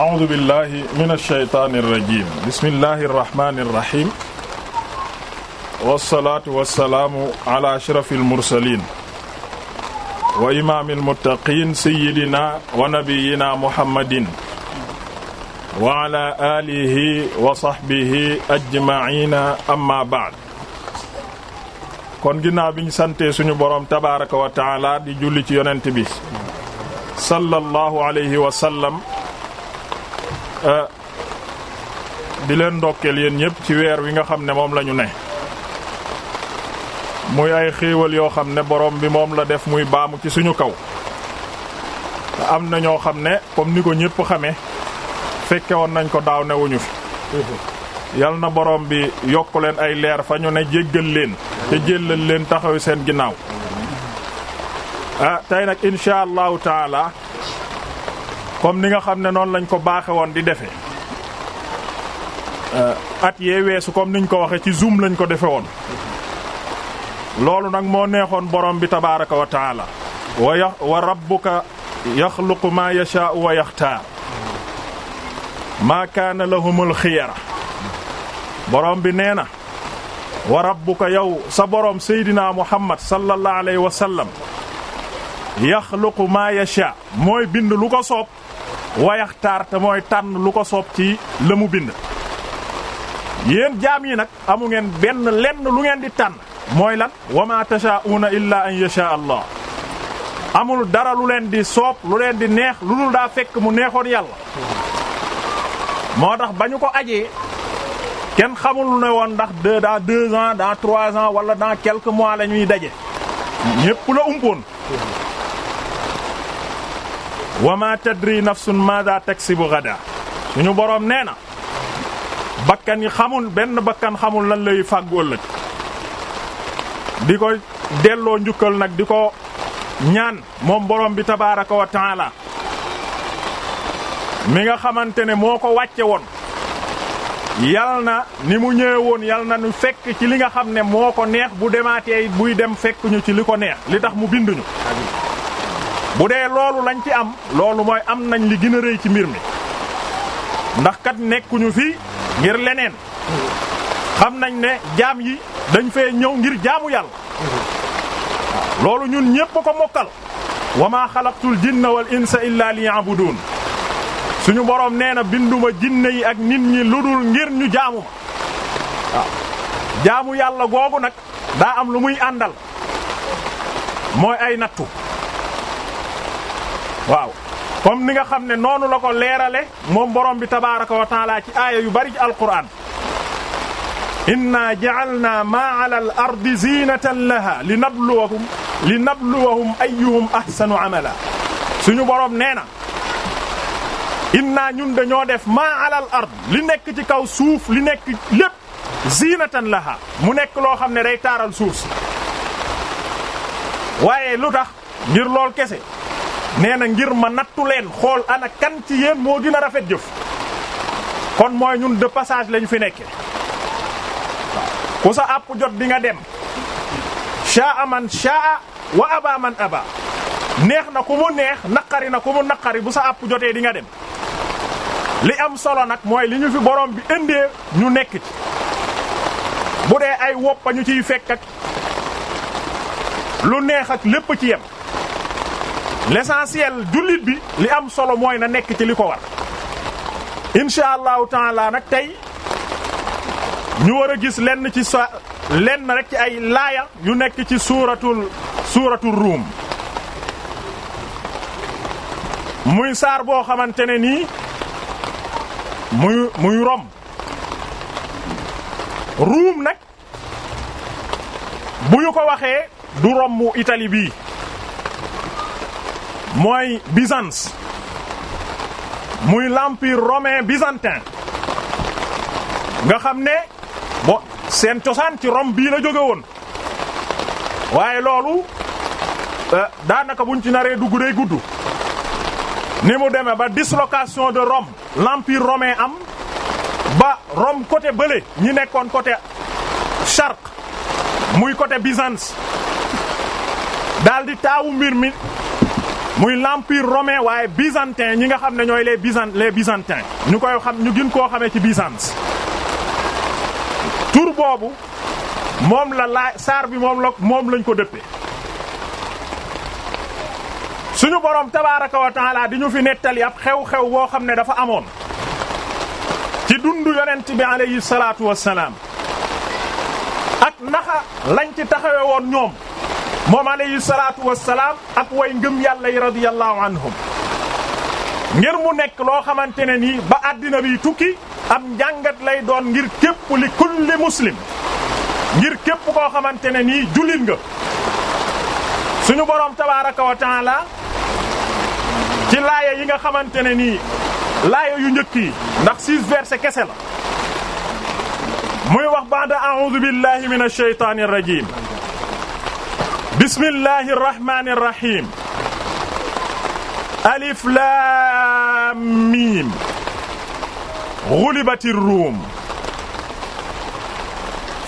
a'uudu billahi mina shaytaani rajiim bismillahi rahmaani rahiim. wasalaatu wasalaamu ala ashrafil mursaliin. wa imaamil muttaqiin sayyidina wa nabiyyina muhammadin. wa ala aalihi wa sahbihi ajma'iina amma ba'd. kon ginnaaw bi ñu santee suñu boroom tabaaraka wa taala di julli ci yonent bi. sallallahu alayhi wa sallam. Euh, di leen ndokkeel yéen ñépp ci weer wi nga xam ne moom lañu ne muy ay xéewal yoo xam ne borom bi moom la def muy baamu ci suñu kaw te am na ñoo xam ne comme ni ko ñépp xamee fekke woon nañ ko daaw newuñu fi yal na borom bi yokk leen ay leer fa ne jéggal leen te jéllal leen taxaw seen ginnaaw ah comme ni nga xam ne noonu lañ ko baaxe woon di defee euh. at yee weesu comme niñ ko waxe ci zoom lañ ko defe woon loolu nag moo neexoon boroom bi tabaraka wa taala wa ya wa rabbuka yaxluqu maa yashaa'u wa yaxtaar maa kaana lahumul xiyara borom bi nee na wa rabbuka yow sa borom seydinaa muhammad sallallahu alayhi wa sallam yaxluqu maa yasha mooy bind lu ko soob wayaxtaar te mooy tànn lu ko soob ci la mu bind yéen jaam yi nag amu ngeen benn lenn lu ngeen di tànn mooy lan wa ma tashaa'uuna illaa an yasha allah amul dara lu leen di soob lu leen di neex lu dul daa fekk mu neexoon yàlla moo tax ba ñu ko ajee kenn xamul na woon ndax deux dans deux ans dans trois ans wala dans quelques mois la ñuy daje ñépp la umpoon wa ma tadri nafsun madha taksibu ghadan suñu boroom nee na bakkan yi xamul benn bakkan xamul lan lay fàggu ëllëg di ko delloo njukkal nag di ko ñaan moom boroom bi tabaraka wa taala mi nga xamante ne moo ko wàcce woon yal na ni mu ñëwee woon yal na ñu fekk ci li nga xam ne moo ko neex bu demaatee buy dem fekk ci li ko neex li tax mu binduñu bu dee loolu lañ ci am loolu mooy am nañ li gën a rëy ci mbir mi ndax kat nekkuñu fii ngir leneen xam nañ ne jaam yi dañ fee ñëw ngir jaamu yàlla loolu ñun ñépp ko mokkal wa maa xalaqtul jinna wal insa illa liya'budun suñu boroom nee na binduma jinne yi ak nit ñi ludul ngir ñu jaamu jaamu yàlla googu nag daa am lu muy àndal mooy ay nattu waaw comme ni nga xam ne noonu la ko leerale moom borom bi tabaraka wa taala ci aaya yu bari ci alquran inna ja'alna ma 'ala al-ardi zinatan laha linabluwahum linabluwahum ayyuhum ahsanu 'amala suñu borom nee na inna ñun dañoo def ma 'ala al li nekk ci kaw suuf li nekk lépp zinatan laha mu nekk loo xam ne day taaral suuf si waaye lu tax ngir lool kese nee na ngir ma nattu leen xool ana kan ci yéen moo dina rafet jëf kon mooy ñun de passage lañu fi nekke ku sa àpp jot di nga dem shaa man shaa wa aba man aba neex na ku mu neex naqari na ku mu naqari bu sa àpp jotee di nga dem li am solo nag mooy li ñu fi borom bi indee ñu nekk ci bu dee ay woppa ciy fekk lu neex lépp ci yem l'essentiel jullit bi li am solo mooy na nekk ci li ko war insha allahu taala nag tey ñu war a gis lenn ci sa lenn rek ci ay laaya yu nekk ci suuratul suuratul ruum muy saar boo xamante ne nii muy muy rom ruum nag bu ñu ko waxee du romb Italie bii mooy Byzance muy l'empire romain byzantin nga xam ne bon seen cosaan ci Rome bii la jóge woon waaye loolu euh, daanaka buñ ci naree dugg day gudd ni mu demee ba dislocation de Rome lampiir romain am ba Rome côté bële ñi nekkoon côté charq muy côté Byzance daal di taawu mbir mi muy l'empire romain waaye byzantin ñi nga xam ne ñooy les byzan les byzantins ñu koy xam ñu gën koo xamee ci Byzance tur boobu moom la laa saar bi moom la moom lañ ko dëppee suñu boroom tabaaraka wa taala di ñu fi nettali ab xew-xew boo xam ne dafa amoon ci dundu yonent bi alayhi salaatu wassalaam ak naxa lañ ci taxawe woon ñoom moom alayhi salaatu wassalaam ak way ngëm yàlla yi radiyallahu anhum ngir mu nekk loo xamante ne nii ba àddina bi tukki am njàngat lay doon ngir képp li kulli muslim ngir képp koo xamante ne nii jullit nga suñu boroom tabaaraka wa taala ci laaya yi nga xamante ne nii laaya yu njëkk yi ndax six versets kese muy wax ba'da a'uudu billahi minash shaytaanir rajiim bismillahi irrahmani irrahim alif laam miim gulibati ruum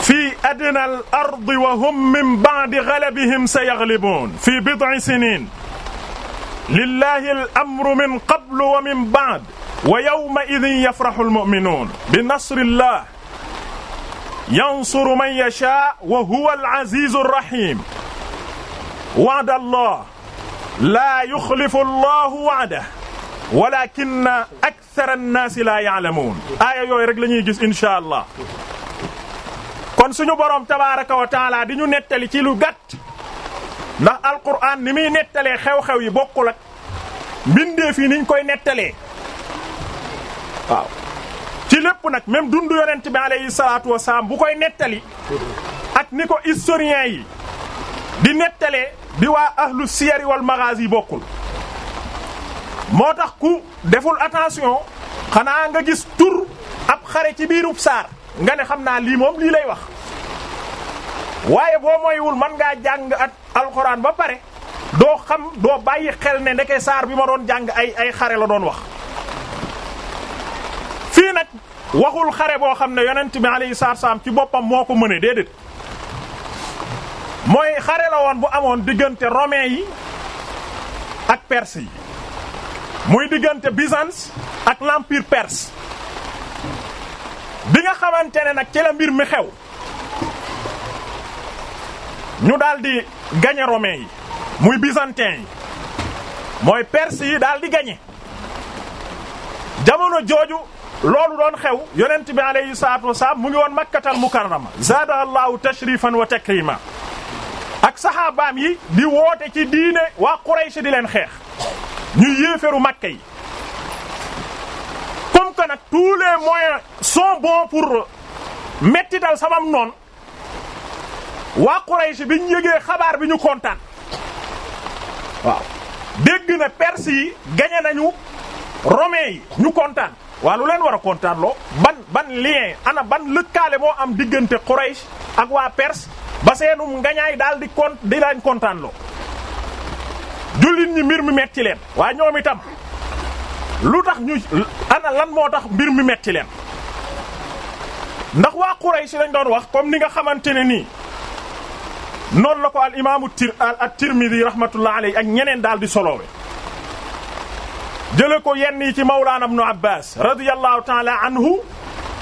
fii adna al ardi wa hum min ba'di ghalabihim sayaghlibuun fii bid'i siniin lillahi al amru min qablu wa min ba'd wa yawma idhin yafrahu al mu'minuun bi nasri llah yansuru man yashaa wa huwa al aziizu ar rahiim wa'da allah laa yuxlifu allahu wa'da walakinna akthara annaasi ya'lamuun aaya yooyu rek la gis inshaa allah kon suñu boroom tabaraka wa taala di ñu nettali ci lu gàtt ndax alquran ni muy nettalee xewxew yi bokkul ak mbindeef yi koy nettalee waaw ci lépp nag même dundu yonent bi salaatu wa bu koy nettali ak ni ko historien yi di nettalee bi waa ahlu siyari wal bokkul moo tax ku deful attention xanaa nga gis tur ab xare ci biirub saar nga ne xam naa lii moom lii lay wax waaye boo moywul man ngaa jàng at alxuraan ba pare doo xam doo bàyyi xel ne ndeke saar bi ma doon jàng ay ay xare la doon wax fii nag waxul xare boo xam ne yonent bi alayhi salaam ci boppam moo ko mëne déedéet mooy xare woon bu amoon diggante romains yi ak perses yi muy diggante Byzance ak l'empire perse bi nga xamante ne nag ci mbir mi xew ñu daldi gañe romains yi muy byzantins yi mooy pers yi daldi gañe jamono jooju loolu doon xew yonent bi alayhi salaatu wasalaam mu ngi woon makkatal mukarrama zaadaha allahu tashrifan wa takrima ak saxaabaam yi di woote ci diine waa Quraysh di leen xeex ñu yéeferu Makka yi comme que nag tous les moyens sont bons pour mettital samam noon waa Quraysh bi ñu yëgee xabaar bi ñu kontaan waaw dégg na Perse yi gañe nañu Romains yi ñu kontaan waa lu leen war a kontaan ban ban lien ana ban lëkkaale moo am diggante Quraysh ak waa pers ba seenum ngañaay daal di kont di lañ kontaan loo ñi mbir mi metti leen waaye ñoom lu tax ñu ana lan moo tax mbir mi metti leen ndax waa Quraysh lañ doon wax comme ni nga xamante ne nii noonu la ko al imaamu tir at Tirmidhi rahmatullah alayhi ak ñeneen daal di soloowe jële ko yenn yi ci mawlaana ibnu Abbaas radiyallahu taala anhu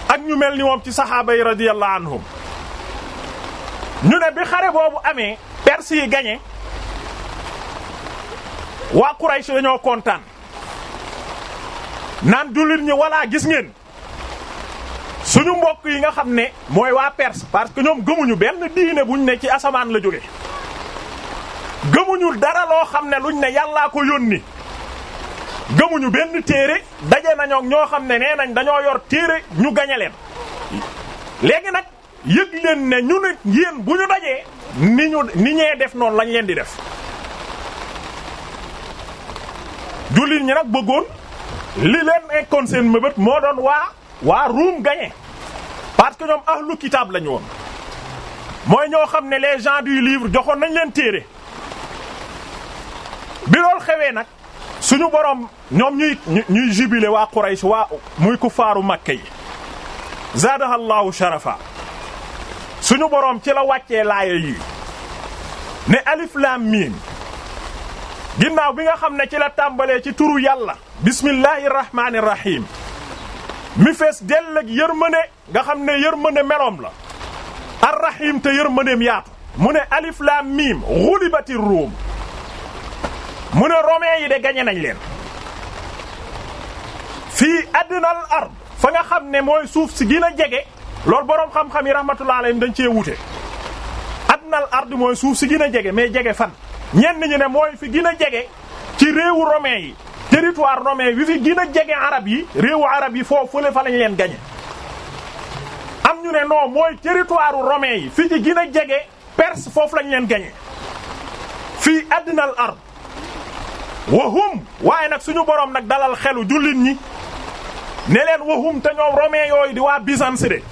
ak ñu mel ni moom ci saxaaba yi radiyallahu anhum ñu ne bi xare boobu amee perse yi gañe waa Quraysh dañoo kontaan naan jullit ñi walaa gis ngeen suñu mbokk yi nga xam ne mooy waa perse parce que ñoom gëmuñu benn diine buñ ne ci asamaan la jóge gëmuñu dara loo xam ne luñ ne yàllaa ko yónni gëmuñu benn téere daje nañoo ñoo xam ne nee nañ dañoo yor téere ñu gañe leen léegi nag yëg leen ne ñu nit yéen bu ñu dajee ni ñu ni def noonu lañ leen di def jullit ñi nag bëggoon li leen ekkoon seen mëbët moo doon waa waa ruum gagné parce que ñoom ahlu kitaab la woon mooy ñoo xam ne les gens du livre joxoon nañ leen téere bi xewee nag suñu borom ñoom ñuy ñuy jubilé waa Quraysh waa muy kuffaaru Makka yi zaadahallahu sharafa suñu boroom ci la wàccee laaya yi ne alif miim ginnaaw bi nga xam ne ci la tàmbalee ci turu yàlla bismillahi rahmaani rahim mi fees dell ak yërmande nga xam ne yërmande meloom la arrahim te yërmandeem yaatu mu ne alif laam miim xulibati ruum mu ne romain yi de gañe nañ leen fii adnal ard fa nga xam ne mooy suuf si gën a jege loolu borom xam-xam yi rahmatullah alayhim dañ cee wute adnal ard mooy suuf si gën a jege mais jege fan ñenn ñu ne mooy fi gën a jege ci réewu romain yi territoire romain bi fi gën a jege arab yi réewu arab yi foofu fële fa lañ leen gañe am ñu ne non mooy territoire romain yi fi ci gën a jege perse foofu lañ leen gañe fii adnal ard wahum waaye nag suñu borom nag dalal xelu jullit ñi ne leen wahum te ñoom romain yooyu di waa Byzance de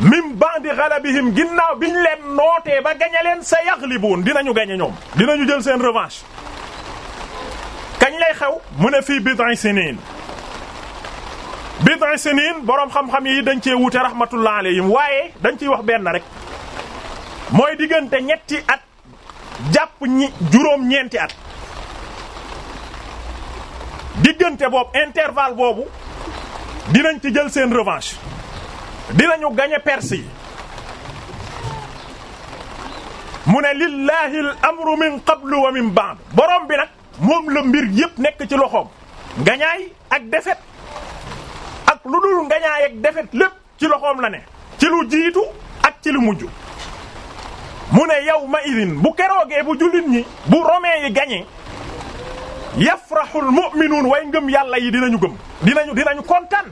min ba'di ghalabihim ginnaaw biñ leen nootee ba gañe leen sa yaghlibuun dinañu gañe ñoom dinañu jël seen revanche kañ lay xew mu ne fii bid'i sinin bid'i sinin boroom xam-xam yi dañ cee wuute rahmatullah alayhim waaye dañ ciy wax benn rek mooy diggante ñetti at jàpp ñi juróom ñeenti at diggante boobu intervalle boobu dinañ ci jël seen revanche dinañu gañe Perse yi mu ne lillahi al amru min qablu wa min ba'd borom bi nag moom la mbir yépp nekk ci loxoom ngañaay ak defet ak lu dul ngañaay ak defet lépp ci loxoom la ne ci lu jiitu ak ci lu mujj mu ne yawma idin bu keroogee bu jullit ñi bu romain yi gañee yafrahul mu'minuun way ngëm yàlla yi dinañu gëm dinañu dinañu kontaan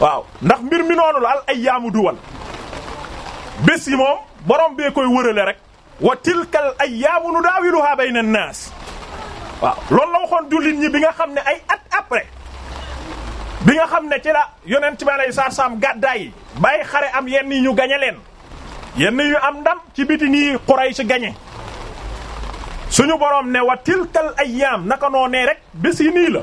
waaw ndax mbir mi noonu la ay ayyaamu duwal bés yi moom borom bee koy wërale rek wa tilkal ayyaamu nudaawiluhaa bayna naas waaw loolu la waxoon jullit ñi bi nga xam ne ay at après bi nga xam ne ci la yonent bi alayhi salaatu salaam gàddaay yi bàyyi xare am yenn yi ñu gañe leen yenn yu am ndam ci biti nii ci gañe suñu borom ne wa tilkal ayyaam naka noo nee bés yi nii la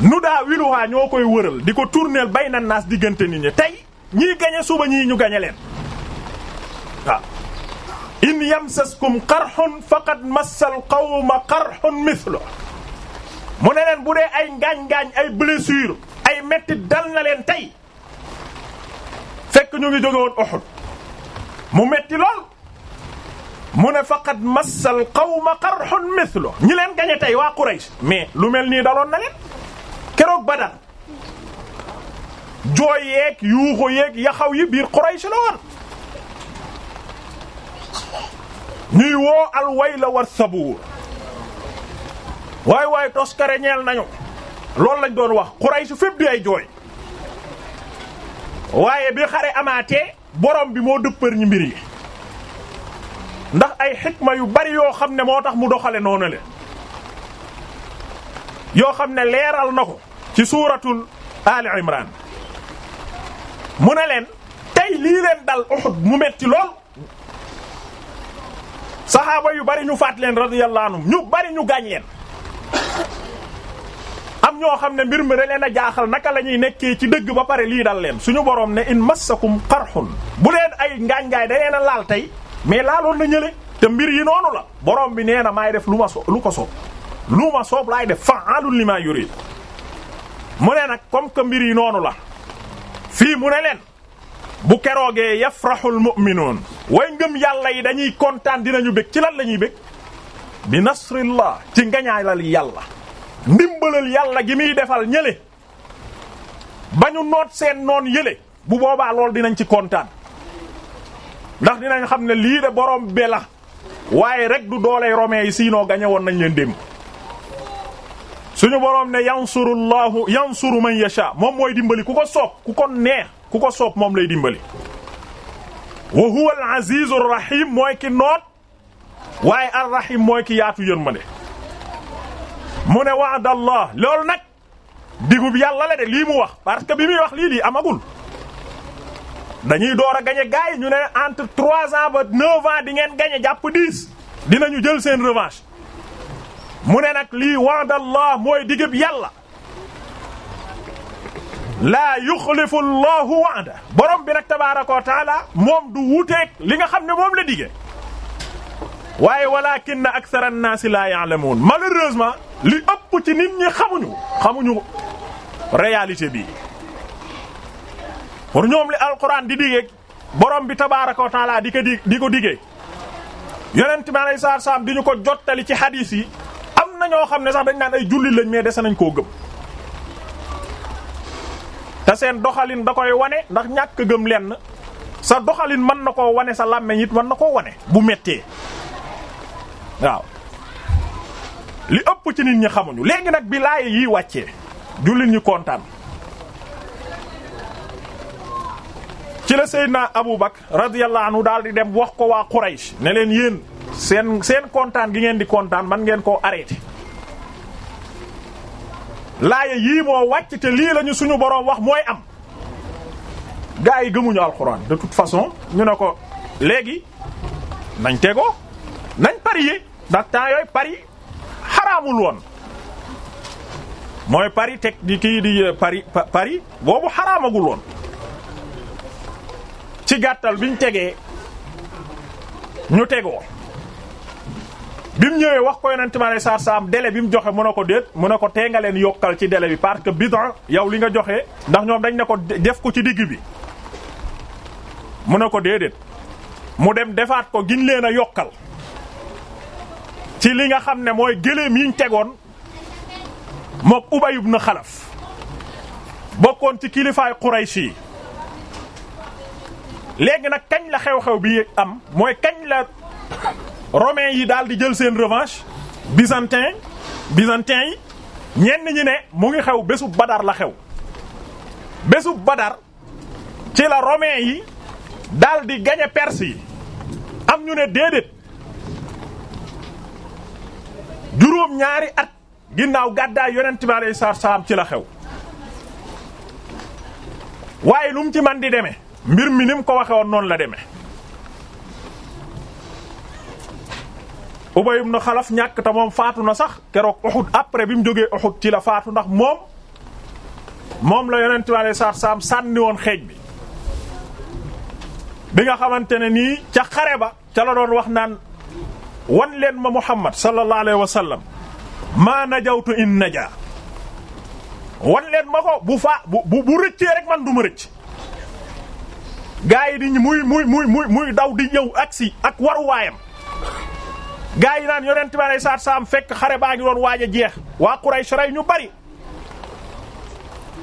nu daa wiluwaa ñoo koy wëral di ko turneel bay na naas diggante nit ñi tey ñii gañe suba ñii ñu gañe leen waaw in yamsaskum qarxun faqad massal qawma qarxun mithlu mu ne leen bu dee ay ngaañ-ngaañ ay blessure ay metti dal leen tey fekk ñu ngi jóge woon Uhud mu metti lool mu ne faqad massal qawma qarxun mithlu ñi leen gañe tey waa Quraysh mais lu mel nii daloon na leen keroog Badar jooy yeeg yuuxu yeeg yaxaw yi biir Quraysh la woon ñuy woo al wayla war sabuur waay waay toskare ñeel nañu loolu lañ doon wax Quraysh fépp di ay jooy waaye bi xare amaatee borom bi moo dëppër ñi mbir yi ndax ay xikma yu bari yoo xam ne moo tax mu doxale noonu le yoo xam ne leeral na ko ci suuratul Ali Imran mu ne leen tey lii leen dal Uhud mu metti lool saxaaba yu bari ñu faat leen radiyallahu ñu bari ñu gaañ leen am ñoo xam ne mbir mi da leen a jaaxal naka la ñuy nekkee ci dëgg ba pare lii dal leen suñu boroom ne in massakum qarxun bu leen ay ngaañ-ngaay da leen a laal tey mais laaloon na ñële te mbir yi noonu la borom bi nee na maay def lu ma so lu ma soob laay def fa'alun lima yurid mu ne nag comme que mbir yi noonu la fii mu ne leen bu keroogee yafrahul mu'minuun way ngëm yàlla yi dañuy kontaan dinañu bég ci lan la ñuy bég bi nasrillah ci ngañaalal yàlla ndimbalal yàlla gi miy defal ñële bañu noot seen noon yële bu boobaa lool dinañ ci kontaan ndax dinañ xam ne lii de borom be la waaye rek du dooley romain yi siinoo gañe woon nañ leen démb suñu boroom ne yansurullahu yansuru man yasha moom mooy dimbali ku ko soob ku ko neex ku ko soob moom lay dimbali wa huwa al azizu rahim mooy ki noot waaye ar rahim mooy ki yaatu yërmande mu ne wa'dallah loolu nag digub yàlla la de lii mu wax parce que bi muy wax lii lii amagul dañuy door a gañe gars yi ñu ne entre trois ans ba neuf ans di ngeen gañe jàpp dix dinañu jël seen revanche mu ne nag lii wa'dallah mooy digëb yàlla laa yuxlifu allahu wa'da borom bi nag tabaaraka wa taala moom du wuuteeg li nga xam ne moom la dige waaye walakinna akthara an-naasi laa ya'lamuun malheureusement li ëpp ci nit ñi xamuñu xamuñu réalité bi pour ñoom li alquran di digee borom bi tabaaraka wa taala di ko di di ko digee yonent bi alayhi salaam ñu ko jottali ci hadis ñoo xam ne sax dañ naan ay jullit lañ mais dese nañ koo gëm te seen doxalin da koy wane ndax ñàkk gëm lenn sa doxalin mën na koo wane sa làmmeñ it mën na koo wane bu mettee waaw li ëpp ci nit ñi xamuñu léegi nag bi laay yiy wàccee jullit ñi kontaan ci la naa Abu Bakr radiyallahu daal di dem wax ko waa Quraysh ne yéen seen seen kontaan gi ngeen di kontaan man ngeen koo arrêté laaya yii moo wàcc te lii lañu suñu boroom wax mooy am gaa yi gëmuñu alxuraan de toute façon ñu ne ko léegi nañ tegoo nañ parier ndax temps yooyu pari xaraamul woon mooy pari teg di kii di eh, pari pari boobu xaraamagul woon ci gàttal biñ tegee ñu tegoo bi mu ñëwee wax ko yonente mi alei saa salaam délai bi mu joxe mu ne ko déet mu ne ko tee nga leen yokkal ci délai bi parce que bid'a yow li nga joxe ndax ñoom dañ ne ko def ko ci digg bi mu ne ko déedéet mu dem defaat ko gin leen a yokkal ci li nga xam ne mooy gëléem yiñ tegoon mook Ubay ibn Xalaf bokkoon ci kilifaay Quraysh yi léegi nag kañ la xew-xew bi am mooy kañ la romain yi daal di jël seen revanche byzantin byzantin yi ñenn ñi ne mu ngi xew bésu badar la xew bésu badar ci la romain yi daal di gañe perse yi am ñu ne déedéet juróom ñaari at ginnaaw gàddaay yonent bi alayhi ci la xew waaye lu mu ci man di demee mbir mi ni mu ko waxe woon noonu la demee Ubay ibn Xalaf ñàkk te moom faatu na sax keroog Uhud après bi mu jógee Uhud ci la faatu ndax moom moom la yonent bi alayhi salaatu sànni woon xeej bi bi nga xamante ne nii ca xare ba ca la doon wax naan wan leen ma Muhammad sallallahu alayhi wa sallam maa najawtu in naja wan leen ma ko bu faa bu bu rëccee rek man du ma rëcc gaa yi di muy muy muy muy muy daw di ñëw aksi ak waruwaayam gaa yi naan yonent bi alayhi salaatu fekk xare baa ngi doon waaj a jeex waa Quraysh rey ñu bari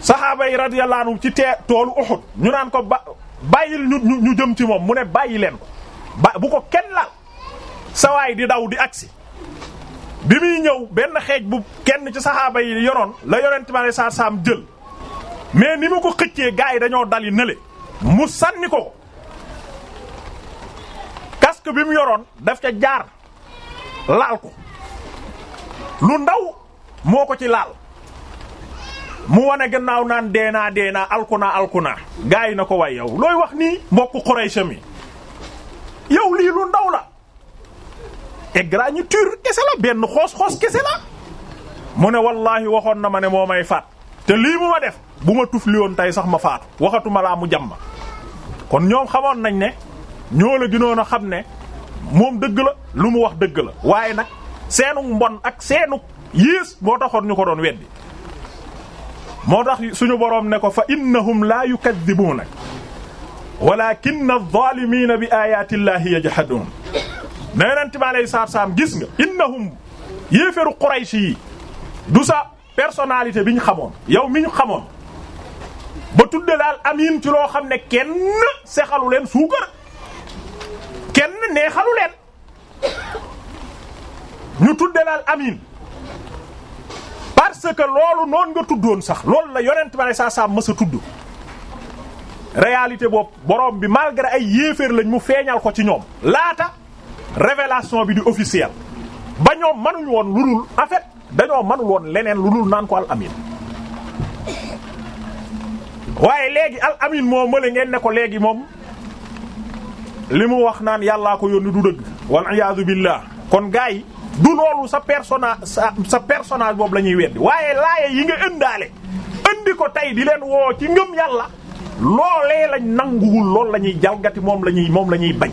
saxaaba yi radiyallahu anhum ci tee toolu Uhud ñu naan ko ba bàyyil ñu ñu jëm ci moom mu ne bàyyi leen bu ko kenn laal sawaay di daw di agsi bi muy ñëw benn xeej bu kenn ci saxaaba yi yoroon la yonent bi saam jël mais ni mu ko xëccee gaa yi dañoo dali nële mu sànni ko casque bi mu yoroon daf ca jaar laal ko lu ndaw moo ko ci laal mu wane gannaaw naan deenaa deenaa alkuna alkuna gaa yi na ko way yow looy wax nii mbokk Quraysh mi yow lii lu ndaw la égratignure kese la benn xoos-xoos kese la mu ne wallaahi waxoon na ma ne moo may faat te lii mu ma def bu ma tuf woon tey sax ma faatu waxatuma laa mu jàmm kon ñoom xamoon nañ ne ñoo la gënoon a xam ne moom dëgg la lu mu wax dëgg la waaye nag seenu mbon ak seenu yées moo taxoon ñu ko doon weddi moo tax suñu boroom ne ko fa innahum la yukadibuunak walakin adh-dhalimina bi ayati llahi yajhadun na yonent bi alayhi salaatu salaam gis nga innahum yéeferu Quraysh yi du sa personnalité bi ñu xamoon yow mi xamoon ba tudde daal amiin ci loo xam ne kenn sexalu leen suukar kenn neexalu leen ñu tudde laal amin parce que loolu noon nga tuddoon sax loolu la yonent ba ne saa saa sa tudd réalité boobu borom bi malgré ay yéeféer lañ mu feeñal ko ci ñoom laata révélation bi di officiel ba ñoom mënuñ woon lu dul en dañoo mënul woon leneen lu dul naan ko al amin waaye léegi al amin moo mële ngeen ne ko léegi moom li mu wax naan yàllaa ko yónni du dëgg wal iyaadu billah kon gars yi du loolu sa personnage sa sa boobu la ñuy weddi waaye laaye yi nga ëndaale ëndi ko tey di leen woo ci ngëm yàlla loolee lañ nanguwul loolu la ñuy jalgati moom la ñuy moom la ñuy bañ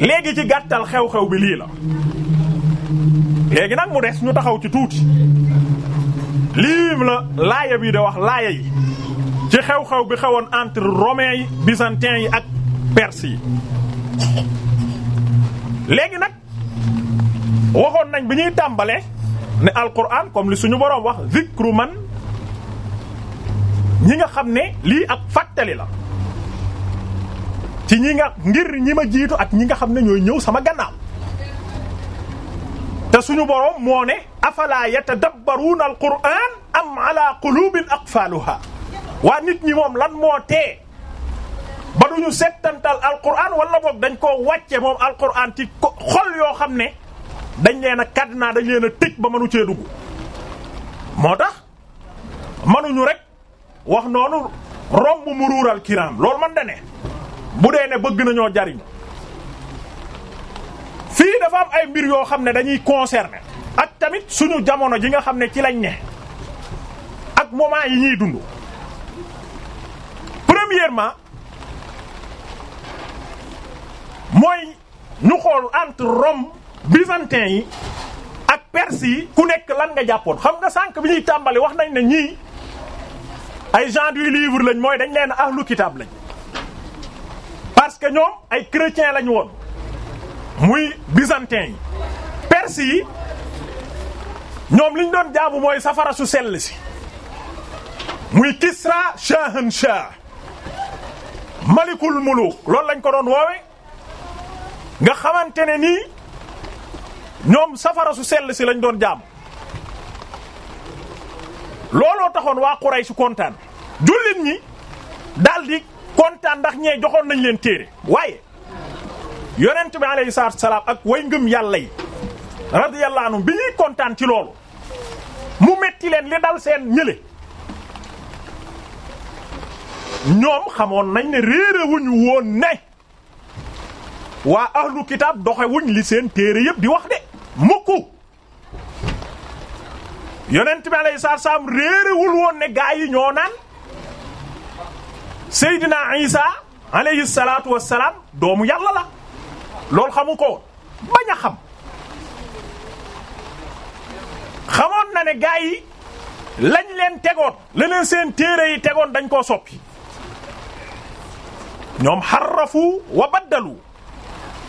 léegi ci gàttal xew-xew bi lii la léegi nag mu des ñu taxaw ci tuuti lii la laaya bi da wax laaya yi ci xew-xew bi xewoon entre romains yi byzantins yi ak perses yi léegi nag waxoon nañ bi ñuy tàmbale ne alquran comme li suñu boroom wax zikru man ñi nga xam ne lii ak fàttali la ci ñi nga ngir ñi ma jiitu ak ñi nga xam ne ñooy ñëw sama gannaaw te suñu boroom moo ne afala yatadabbaruuna alquran am ala qulubin aqfaluha waa nit ñi moom lan moo tee ba duñu settantal alquran wala boog dañ koo wàcce moom alquran ci xol yoo xam ne dañ leen a kàdd naa dañ leen a tëj ba manu cee dugg moo tax mënuñu rek wax noonu romb ruural kiram loolu man da ne bu dee ne bëgg nañoo jariñ fii dafa am ay mbir yoo xam ne dañuy concerné ak tamit suñu jamono ji nga xam ne ci lañ ne ak moment yi ñuy dund premièrement mooy ñu xool entre Rome byzantin yi ak perse yi ku nekk lan nga jàppoon xam nga sànq bi ñuy tàmbali wax nañ ne ñii ay gens du livre lañ mooy dañ leen ahlu kitaab lañ parce que ñoom ay chrétiens lañ woon muy byzantin yi perse yi ñoom liñ doon jaamu mooy safara su sell si muy Kisra Shahanshah malikul muluk loolu lañ ko doon woowe nga xamante ne nii ñoom safara su sell si lañ doon jaam looloo taxoon waa Quraysh kontaan jullit ñi daldi kontaan ndax ñee joxoon nañu leen téere waaye yonent bi alayhi salaam ak way ngëm yàlla yi radiyallahu bi ñuy kontaan ci loolu mu metti leen li dal seen ñële ñoom xamoon nañ ne réere wuñu woon ne waa ahlu kitaab doxewuñ li seen téere yëpp di wax de mukku yonent bi alayhi salaatu salaam réerewul woon ne gaa yi ñoo naan Seydina Isa alayhi salaatu wassalaam doomu yàlla la loolu xamu ko bañ a xam xamoon na ne yi lañ leen tegoon la leen seen téere yi tegoon dañ koo soppi ñoom xarrafu wa baddalu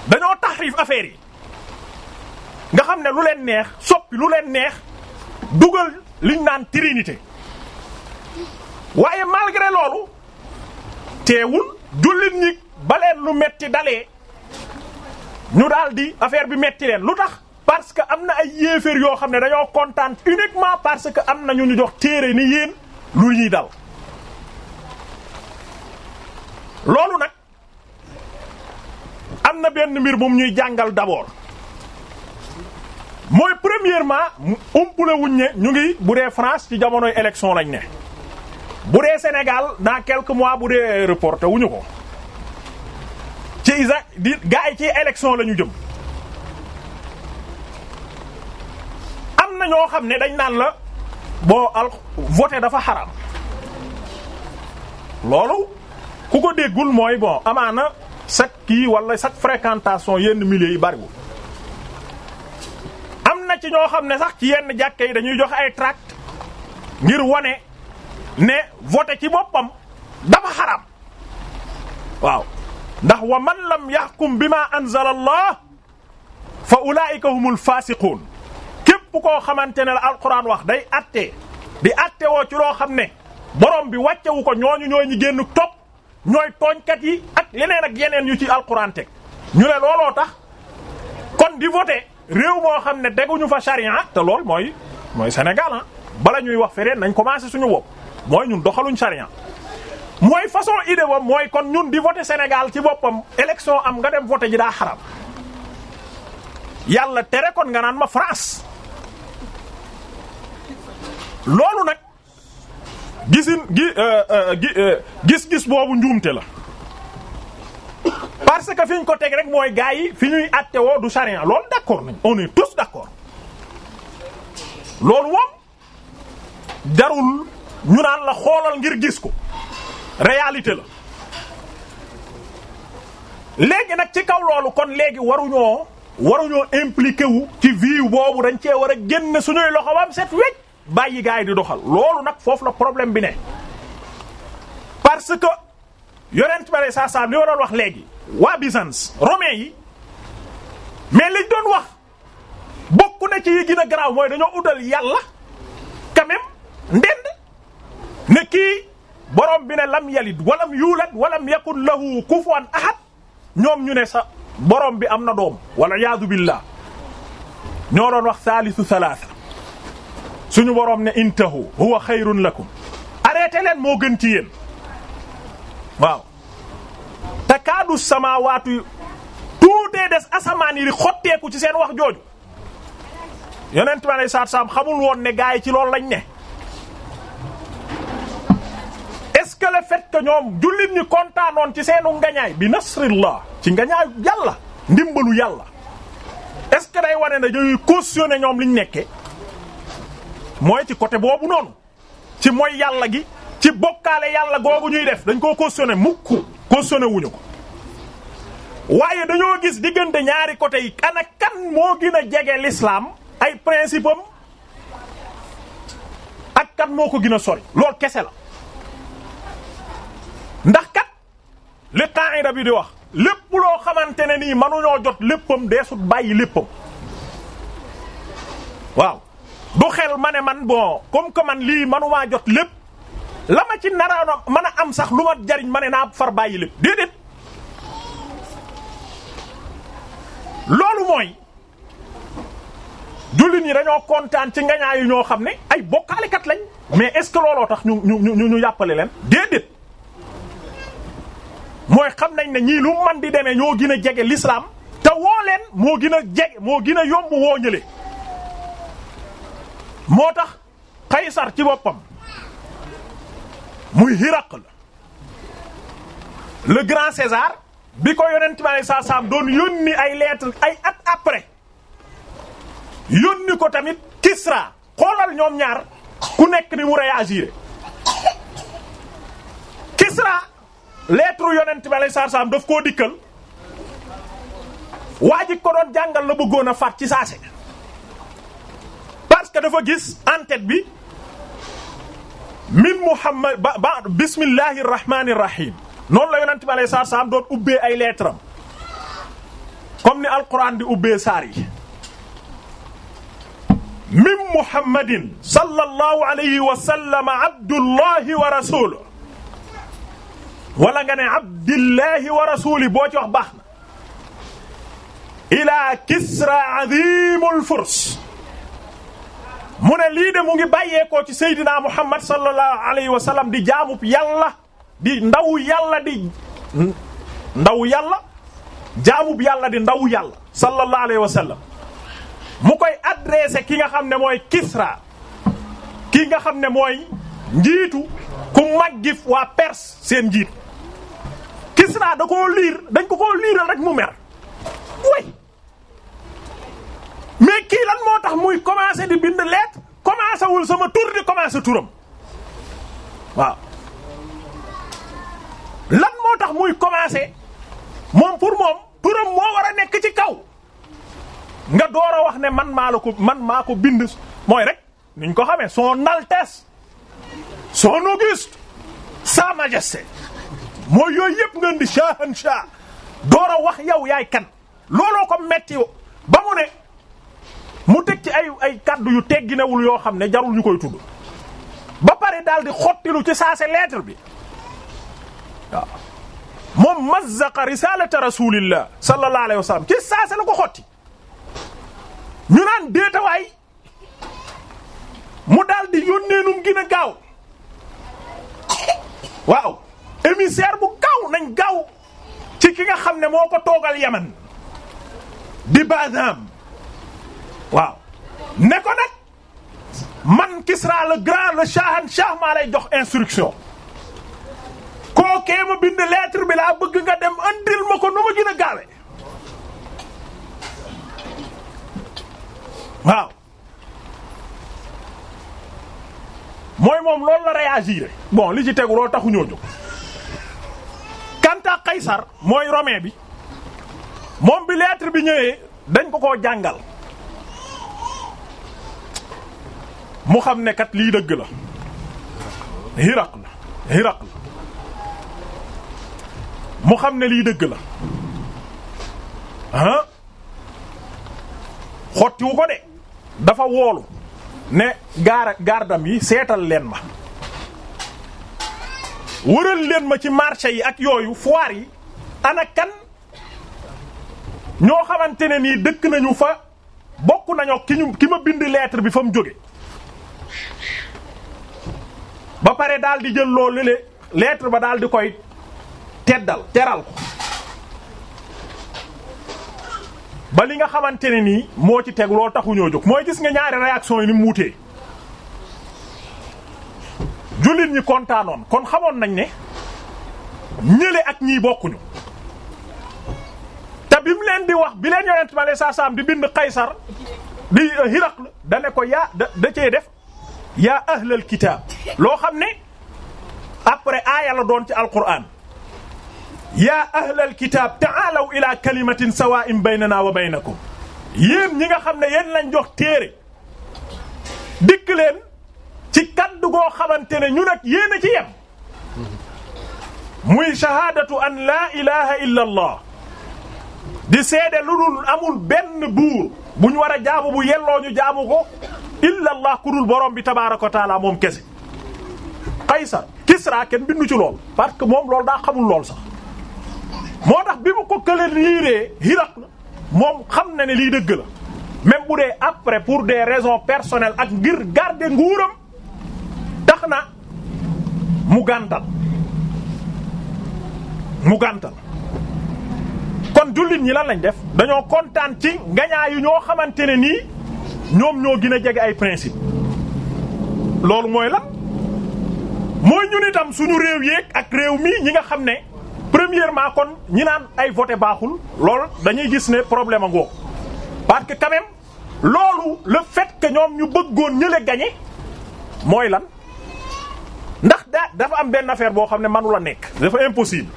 dañoo taxrif affaire yi nga xam ne lu leen neex soppi lu leen neex dugal liñ naan trinité waaye malgré loolu teewul jullit ñi ba leen lu metti dalee ñu daal di affaire bi metti leen lu tax parce que am na ay yéeféer yoo xam ne dañoo kontaan uniquement parce que am na ñu ñu jox téere ni yéen lu ñuy dal loolu nag am na benn mbir moom ñuy jàngal d'abord mooy premièrement umpule ne ñu ngi bu dee France ci jamonoy élection lañ ne bu dee Sénégal dans quelques mois bu dee reporté wuñu ko ci isa di ci élection la ñu jëm am na ñoo xam ne dañ naan la boo al voté dafa xaram loolu ku ko déggul mooy bon amaana chaque kii wala chaque fréquentation yenn milieu yi bariwul am na ci ñoo xam ne sax ci yenn jàkke yi dañuy joxe ay tract ngir wane ne voter ci boppam dafa xaram waaw ndax wa man lam yahkum bima anzala allah fa ulaa'ika humul faasiquun képp ko xamante ne la alquran wax day attee di attewoo ci loo xam ne borom bi wàccewu ko ñooñu ñooñu génn topp ñooy tooñkat yi ak yeneen ak yeneen yu ci alxuraan teg ñu ne looloo tax kon di voter réew moo xam ne deguñu fa charia te lool mooy mooy Sénégal ah. bala ñuy wax fereen nañ commencé suñu bopp mooy ñun doxaluñ charia mooy façon idée ba mooy kon ñun di voter Sénégal ci boppam élection am nga dem voter ji daa xaram yàlla tere kon nga naan ma France loolu nag. gisin gi eh, eh, eh, gis-gis boobu njuumte la parce que fi ñu ko teg rek mooy gars yi fi ñuy atte woo du charia loolu d'accord nañ on est tous d'accord loolu moom jarul ñu naan la xoolal ngir gis ko réalité la léegi nag ci kaw loolu kon léegi waruñoo waruñoo impliqué wu ci vie boobu dañ cee war a génn suñuy loxo bam set wecc bàyyi gars yi di doxal loolu nag foofu la problème bi ne parce que yonent bare saa saa li wax léegi waa Byzance romain yi mais liñ doon wax bokk na ci yi garaaw mooy dañoo utal yàlla quand même ndend kii borom bi ne lam yalid walam yuulad walam yakun lahu kufuwan ahad ñoom ñu ne sa borom bi am na doom wala yaadu billah ñoo doon wax saalisu salaasa suñu boroom ne intahu huwa xayrun lakum arrêté leen moo gën ci yéen waaw takaadu samaawaatu tuutee des asamaan yi di xotteeku ci seen wax jooju yonent bi alayhi salaatu salaam xamul woon ne gaay ci loolu lañ ne est-ce que le fait que ñoom jullit ñi kontaanoon ci seenu ngañaay bi nasrillah ci ngañaay yàlla ndimbalu yàlla est-ce que day wane ne dañuy cautionner ñoom liñ nekke mooy ci côté boobu noonu ci mooy yàlla gi ci bokkaale yàlla googu ñuy def dañ koo cautionné mukk cautionné wuñu ko waaye dañoo gis diggante ñaari côté yi ana kan moo gën a jege lislaam ay principe am ak kan moo ko gin a sori loolu kese la ndax kat li qaida bi di wax lépp loo xamante ne nii mënuñoo jot léppam deesut bàyyi léppam waaw du xel ma ne man bon comme que man lii manumaa jot lépp la ma ci naraano mën a am sax lu ma jariñ ma ne naa far bàyyi lépp déedéet loolu mooy jullit ñi dañoo kontaan ci ngañaayu ñoo xam ne ay bokkaalekat lañ mais est-ce que looloo tax ñu ñu ñu ñu yàppale leen déedéet mooy xam nañ ne ñii lu man di demee ñoo gën a jege lislaam te woo leen moo gin a jege moo gin a yomb woo ñële moo tax Qaysar ci boppam muy Hiraql le grand César bi ko yonent bi saa saam doon yónni ay lettre ay at après yónni ko tamit Kisra xoolal ñoom ñaar ku nekk ni mu réagir Kisra lettre yonent bi saa saam daf koo dikkal waa ji ko doon jàngal la bëggoon a faat ci saase. parce que dafa gis en tête bi min Muhammad ba ba bismillahi rahmani rahim noonu la yonent bi alayhi salaatu salaam doon ubbee ay lettres am comme ni alquran di ubbee saar yi min Muhammadin sallallahu alayhi wa sallam abdullahi wa rasuluhu wala nga ne abdillahi wa rasuli boo ci wax baax na ila kisra azimul furs mu ne lii de mu ngi bàyyeekoo ci Seydina Muhammad sallallahu alayhi wa sallam di jaamub yàlla di ndaw yàlla di ndawu yàlla jaamub yàlla di ndaw yàlla sallallahu alayhi wa mu koy adressé ki nga xam ne mooy Kisra ki nga xam ne mooy njiitu ku màggif waa Perse seen njiit Kisra da ko liir dañ ko koo liiral rek mu mer mais kii lan moo tax muy commencé di bind lettre commencé wul sama tur di commencé turam waaw lan moo tax muy commencé moom pour moom turam moo war a nekk ci kaw nga door a wax ne man maa la ko man maa ko bind mooy rek niñ ko xamee son altesse son auguste sa majesté mooy yooyu yëpp ngeen di shahan sha door a wax yow yaay kan looloo ko metti ba mu ne mu teg ci ay ay kaddu yu tegginewul yoo xam ne jarul ñu koy tudd ba pare daal di xottilu ci saase lettre bi waaw moom mazzaqa risalata rasulillah sallallahu alayhi wa sallam ci saase la ko xotti ñu naan déetawaay mu daal di yónneenum gën a gaaw waaw émissaire bu gaaw nañ gaaw ci ki nga xam ne moo ko toogal yaman di basam waaw ne ko nag man Kisra le grand le shahan shah maa lay jox instruction kookee ma bind lettre bi laa bëgg nga dem andil ma ko nu ma a gaawe waaw mooy moom loolu la réagir bon li ci tegu loolu taxu ñoo jóg quant à mooy romain bi moom bi lettre bi ñëwee dañ ko ko jàngal mu xam ne kat lii dëgg la hiraq la hiraq la mu xam ne lii dëgg la ah xottiwu ko de dafa woolu ne gaara gardam yi seetal leen ma wëral leen ma ci marché yi ak yooyu foire yi ana kan ñoo xamante ne nii dëkk nañu fa bokk nañoo ki ñu ki ma bind lettre bi fa mu jóge ba pare daal di jël loolu le lettre ba daal di koy teddal teral ko ba li nga xamante ne nii moo ci teg loolu taxuñoo jóg mooy gis nga ñaari réaction yi ni mu wutee jullit ñi kontaanoon kon xamoon nañ ne ñële ak ñii bokkuñu te bi mu leen di wax bi leen yonent ma le sa di bind Qaysar di Hiraql da ne ko yaa da da def yaa ahlal kitaab loo xam ne après aaya la doon ci alquran yaa ahlal kitaab ta'aalaw ilaa kalimatin sawaa'in baynanaa wa baynakum yéen ñi nga xam ne yéen lañ jox téere dikk leen ci kaddu goo xamante ne ñun ak yéen a ci yem muy shahaadatu an laa ilaha illa allah di seede lu dul amul benn buur bu ñu war a jaamu bu yelloo ñu jaamu ko illa allah ku dul borom bi tabaaraka wa taala moom kese Qaysar Kisra kenn bindu ci lool parce que moom loolu daa xamul lool sax moo tax bi mu ko kële liiree Hiraq la moom xam na ne lii dëgg la même bu dee après pour des raisons personnelles ak ngir garder nguuram tax na mu gàntal mu gàntal kon jullit ñi lan lañ def dañoo kontaan ci ngañaayu ñoo xamante ne nii ñoom ñoo gën a jege ay principe loolu mooy lan mooy ñun itam suñu réew yéeg ak réew mi ñi nga xam ne premièrement kon ñi naan ay voté baaxul loolu dañuy gis ne problème a ngoo parce que quand loolu la fait ñoom ñu bëggoon ñële gagné mooy lan ndax daa dafa am benn affaire boo xam ne mënu la nekk dafa impossible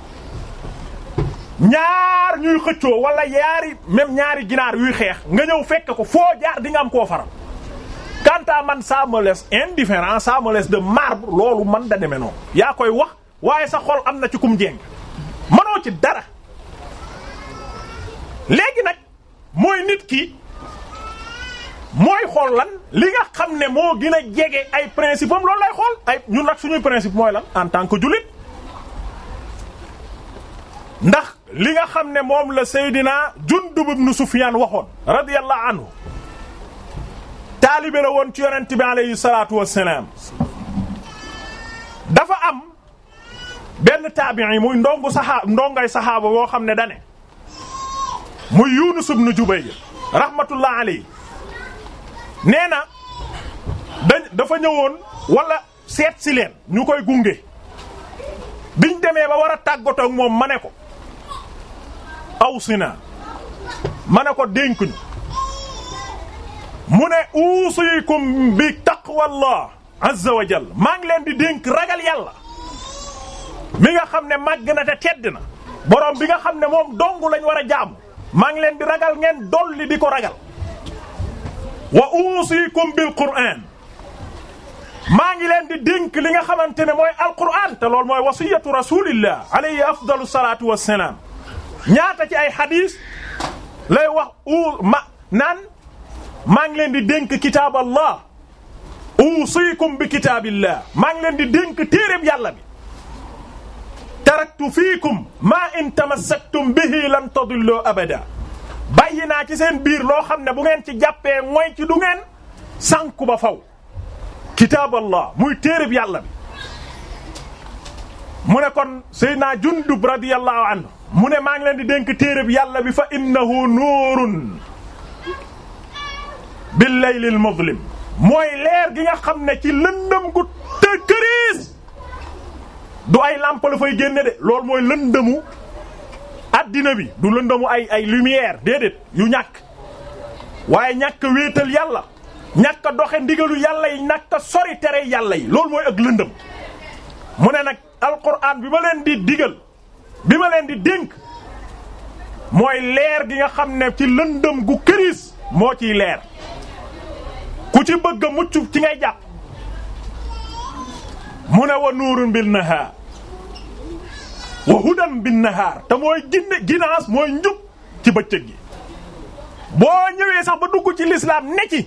ñaar ñuy xëccoo wala yaari même ñaari ginaar yuy xeex nga ñëw fekk ko foo jaar di am koo faral quant à man ça me laisse de marbre loolu man da demee noonu. yaa koy wax waaye sa xol am na ci kum jéng manoo ci dara léegi nag mooy nit ki mooy xool lan li nga xam ne moo gën a jege ay principe am loolu lay xool ay ñun nag suñuy principe mooy lan en tant que jullit ndax li nga xam ne moom la Seydina Jundub ibn Sufyaan waxoon radiyallahu anhu taalibe la woon ci yonent bi alayhi dafa am benn taabi'i muy ndongu saxaaba ndongay saxaaba boo xam ne dane muy Yunus ibn Jubayr rahmatullah alayhi nee na dafa ñëwoon wala seet si leen ñu koy gunge biñ demee ba war a tàggatoo moom ma ne ko awsinaa ma ne ko dénkuñ mu ne uusikum bi taqwallah azza wa jalla maa ngi leen di dénk ragal yàlla mi nga xam ne màgg na te tedd na boroom bi nga xam ne moom dong lañ war a jaamu maa ngi leen di ragal ngeen dolli di ko ragal wa uusikum bil qur'aan maa ngi leen di dénk li nga xamante ne mooy alqur'aan te loolu mooy wasiyatu rasulillah alayhi afdalu salatu wassalam ñaata ci ay xadiis lay wax u ma naan maa ngi leen di dénk kitaab allah uusikum bi kitaabillah maa ngi leen di dénk téereb yàlla bi taraktu fiikum maa in tamassaktum bihi lan tadillu abada bàyyi naa ci seen biir loo xam ne bu ngeen ci jàppee mooy ci du ngeen sànku ba faw kitaab allah muy téereb yàlla bi mu ne kon naa Jundub radiyallahu anhu mu ne maa ngi leen di dénk téereb yàlla bi fa innahu nuurun bil laylil muzlim mooy leer gi nga xam ne ci lëndëm gu te këriis du ay lampe la fay génne de loolu mooy lëndëmu addina bi du lëndëmu ay ay lumière déedéet yu ñàkk waaye ñàkk wéetal yàlla ñàkk a doxe ndigalu yàlla yi ñàkk sori tere yàlla yi loolu mooy ak lëndëm mu ne nag alquran bi ma leen di digal bi ma leen di dénk mooy leer gi nga xam ne ci lëndëm gu këris moo ciy leer ku ci bëgg a mucc ci ngay jàpp mu ne wa nuurun bil nahaar wa hudan bin nahaar te mooy ginne ginaas mooy njub ci bëccëg gi boo ñëwee sax ba dugg ci lislaam ne ci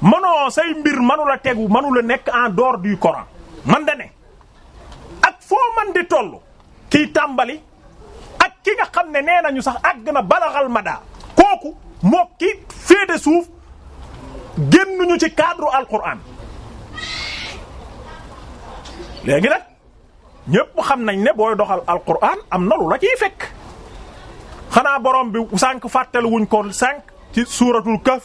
manoo say mbir manu tegu manu la nekk en door du Coran man da ne ak foo man di tollu ci tàmbali ak ki nga xam ne nee nañu sax àgg na balaxal mada kooku moo ki féete suuf génnuñu ci cadre alquran léegi nag ñépp xam nañ ne booy doxal alquran am na lu fekk xanaa borom bi sànq fàttali wuñ ko sànq ci suuratul kaf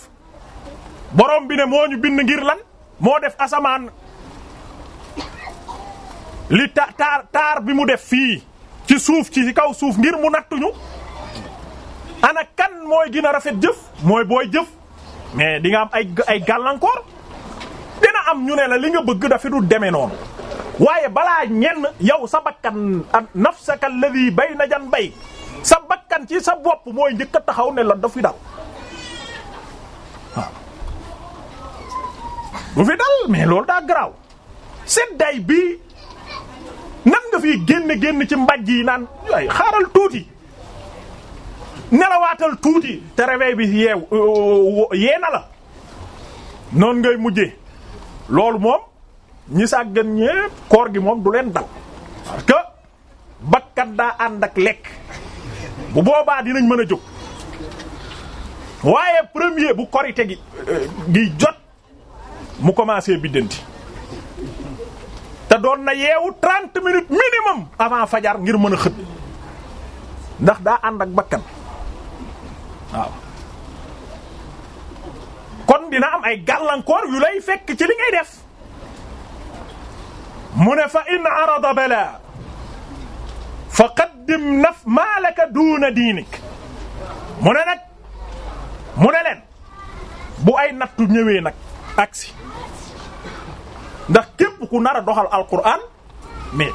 borom bi ne moo ñu bind ngir lan moo def asamaan li ta taar taar bi mu def fii ci suuf ci kaw suuf ngir mu nattuñu ana kan mooy gën a rafet jëf mooy booy jëf mais dinga am ay ay gàllankoor dina am ñu ne la li nga bëgg dafa du demee noonu waaye balaa ñenn yow sa bakkan nafsaka alladhi bayna janbay sa bakkan ci sa bopp mooy njëkk a taxaw ne la dafi dal waaw fi dal mais loolu daa garaaw sedday bi nan nga fiy génn génn ci mbajj yi naan waay xaaral tuuti nelawaatal tuuti te réveil bi yeew euh, yee na la noonu ngay mujjee loolu moom ñi sàggan ñépp koor gi moom du leen dal parce que daa ànd ak lekk bu boobaa dinañ mën a jóg waaye premier bu korite gi euh, gi jot mu commencé biddanti te doon na yeewu 30 minutes minimum avant fajar ngir mën a xët ndax daa ànd bakkan waaw kon dina am ay gàllankoor yu lay fekk ci li ngay def mu ne fa in arada bala fa qaddim naf maalaka duuna diinik mu ne nag mu ne leen bu ay nattu ñëwee nag agsi ndax képp ku nar a doxal alquran mais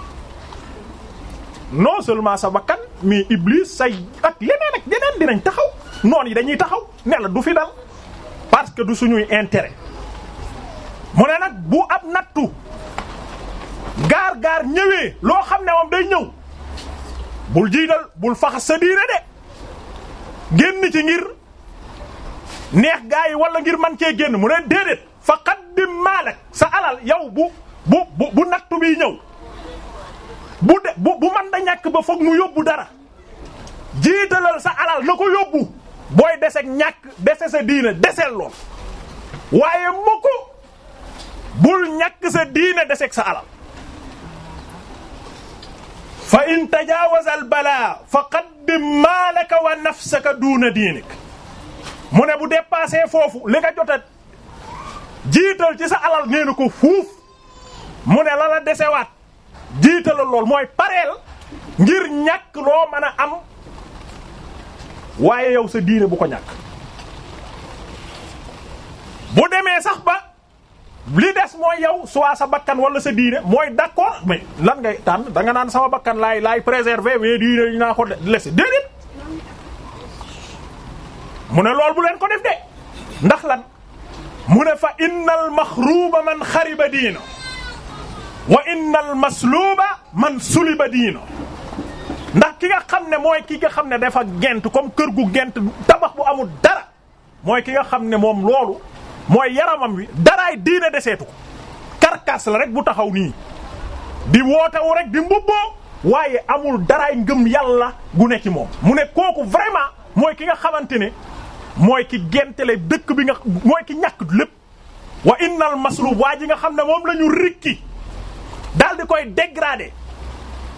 non seulement sa bakkan mais iblis say yeneen ak yeneen dinañ taxaw noon yi dañuy taxaw ne la du fi dal parce que du suñuy intérêt mu ne nag bu ab nattu gaar gaar ñëwee loo xam ne moom day ñëw bul jiital bul faxas sa de génn ci ngir neex gaa yi wala ngir man cee génn mu ne déedéet fa qaddim maalak sa alal yow bu bu bu bu nattu ñëw bu de bu man da ñàkk ba foog mu yóbbu dara jiitalal sa alal na ko yóbbu booy deseg ñàkk dese sa diine deseel lool waaye mukk bul ñàkk sa diine deseg sa alal fa in tajaawaza balaa fa qaddim maalaka wa nafsaka duuna diinik mu ne bu dépassé foofu li nga jot jiital ci sa alal nee ko fuuf mu ne la la desewaat jiitalal lool mooy pareel ngir ñàkk loo mën a am waaye yow sa diine bu ko ñàkk bu demee sax ba li des mooy yow soit sa bakkan wala sa diine mooy d'accord mais lan ngay tànn da nga naan sama bakkan laay laay préserver mais diine ñu naa ko laisser déedéet mu ne loolu bu leen ko def de ndax lan mu ne fa innal maxruuba man xariba diina wa innal masluuba man suliba diina ndax ki nga xam ne mooy ki nga xam ne dafa gent comme kër gu gent tabax bu amul dara mooy ki nga xam ne moom loolu mooy yaramam wi daraay diine deseetu ko karkaas la rek bu taxaw nii di wootewu rek di mbubboo waaye amul daraay ngëm yàlla gu ne ci moom mu ne kooku vraiment mooy ki nga xamante ne mooy ki gentele dëkk bi mooy ki ñàkk lépp wa innal maslub waa ji nga xam ne moom la ñu rikki daal di koy dégradé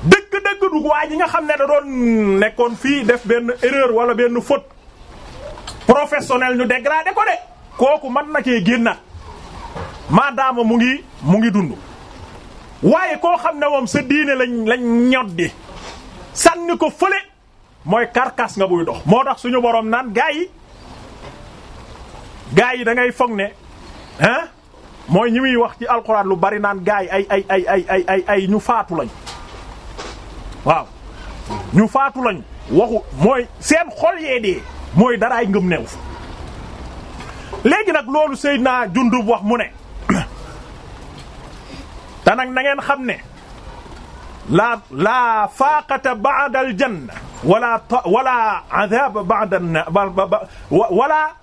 dëgg-dëgg du waa ji nga xam ne da doon nekkoon fii def benn erreur wala benn faute professionnel ñu dégradé ko de kooku mën na cee génnaat maadaama mu ngi mu ngi dund waaye koo xam ne moom sa diine lañ lañ ñoddi sànni ko fële mooy carcasse nga buy dox moo dax suñu borom naan gaa yi gaa yi da foog ne ah mooy ñi muy wax ci alxuraan lu bari naan gaa yi ay ay ay ay ay ay waaw ñu faatu lañ waxu mooy seen xol yee dee mooy daraay ngëm neew fa léegi nag loolu Seydina Jundub wax mu ne te nangeen xam ne laa laa faaqata ba'da al janna wala wala adab ba'da wala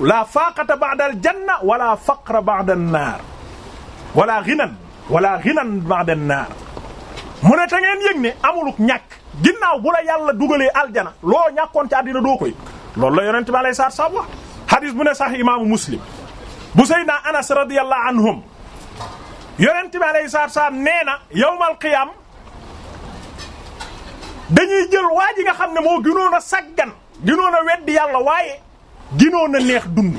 la faqata ba'da al-janna wala faqra ba'da an-naar wala ghinan wala ghinan ba'da naar mu ne te ngeen yëg ne amuluk ñàkk ginnaaw bu la yàlla dugalee aljana loo ñàkkoon ci àddina doo ko yëg loolu la yonent bi alayhi salaatu salaam ne sax imaamu muslim bu Seydina Anas radiyallahu anhum yonent bi alayhi salaatu salaam nee na yawmal qiyaam dañuy jël waa nga xam ne moo gënoon a saggan gënoon a weddi yàlla waaye ginoon neex dund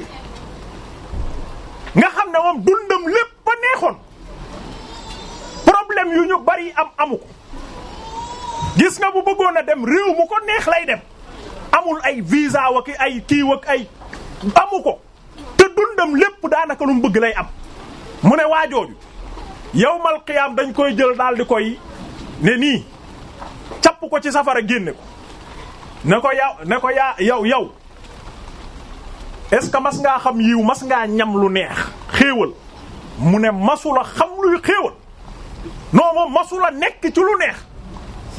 nga xam ne moom dundam lépp ba neexoon problème yu ñu bari am amu ko gis nga mu bëggoon a dem réew mu ko neex lay dem amul ay visa wak ay kii wak ay amu ko te dundam lépp daanaka lu mu bëgg lay am mu ne waajooju yawmal qiyaam dañ koy jël daal di koy ne nii capp ko ci safara génne ko ne ko yaw ne ko yaa yow yow est-ce que mas ngaa xam yiw mas ngaa ñam lu neex xéewal mu ne masula xam luy xéewal non moom masula nekk ci lu neex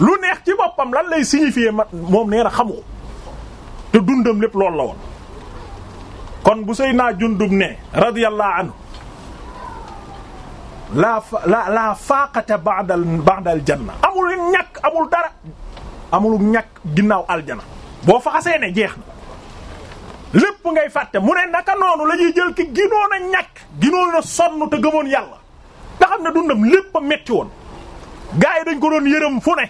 lu neex ci boppam lan lay signifier ma moom nee na xamu ko te dundam lépp loolu la woon kon bu sëy naa jundub ne radiyallahu anhu la la la faaqata ba'dal ba'dal janna amul ñàkk amul dara amul ñàkk ginnaaw aljana boo fa xasee ne jeex na lépp ngay fàtte mu ne naka noonu jël ki ginoon a ñàkk ginoon a sonn te gëmoon yàlla nga xam ne dundam lépp a metti woon gars yi dañ ko doon yërëm fu ne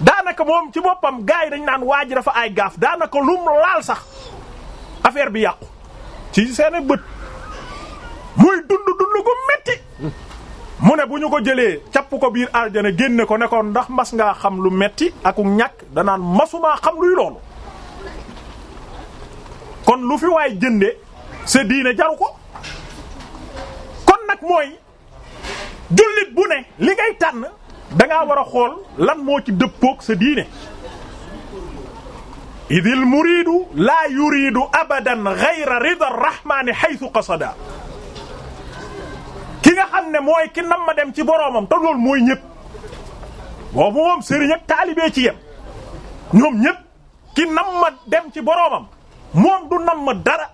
daanaka moom ci boppam gars yi dañ naan waa ji dafa ay gaaf daanaka lum laal sax affaire bi yàqu ci seen bët muy dund dund gu metti mu ne bu ñu ko jëlee capp ko biir aljana génne ko ne ko ndax mas ngaa xam lu metti aku ñàkk danaan masumaa xam luy loolu lu fi waay jënde sa diine jaru ko kon nag mooy jullit bu ne li ngay tànn danga war a xool lan moo ci dëppook sa diine idil muridu la yuridu abadan ghayra rida rahmani haythu qasada ki nga xam ne mooy ki nam dem ci boroomam te loolu mooy ñëpp boobu moom sëriñ ak ci yem ñoom ñëpp ki nam dem ci boroomam moom du namm dara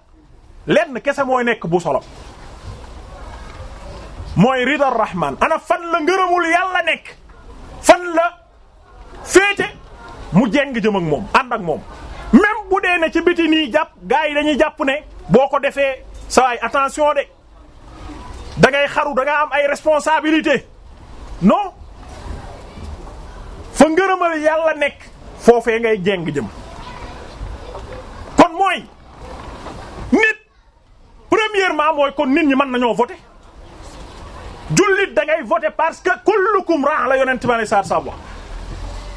lenn kese mooy nekk bu solo mooy rida rahman ana fan la ngërëmul yàlla nekk fan la féete mu jeng jëm ak moom ànd ak moom même bu dee ne ci biti nii jàpp gars yi dañuy jàpp ne boo ko defee saa yi attention de dangay xaru danga am ay responsabilité non fa ngërëmal yàlla nekk foofee ngay jeng jëm mooy nit premièrement mooy kon nit ñi mën nañoo voter jullit da ngay voter parce que kullukum raa la yonent bi alei satu salaam wax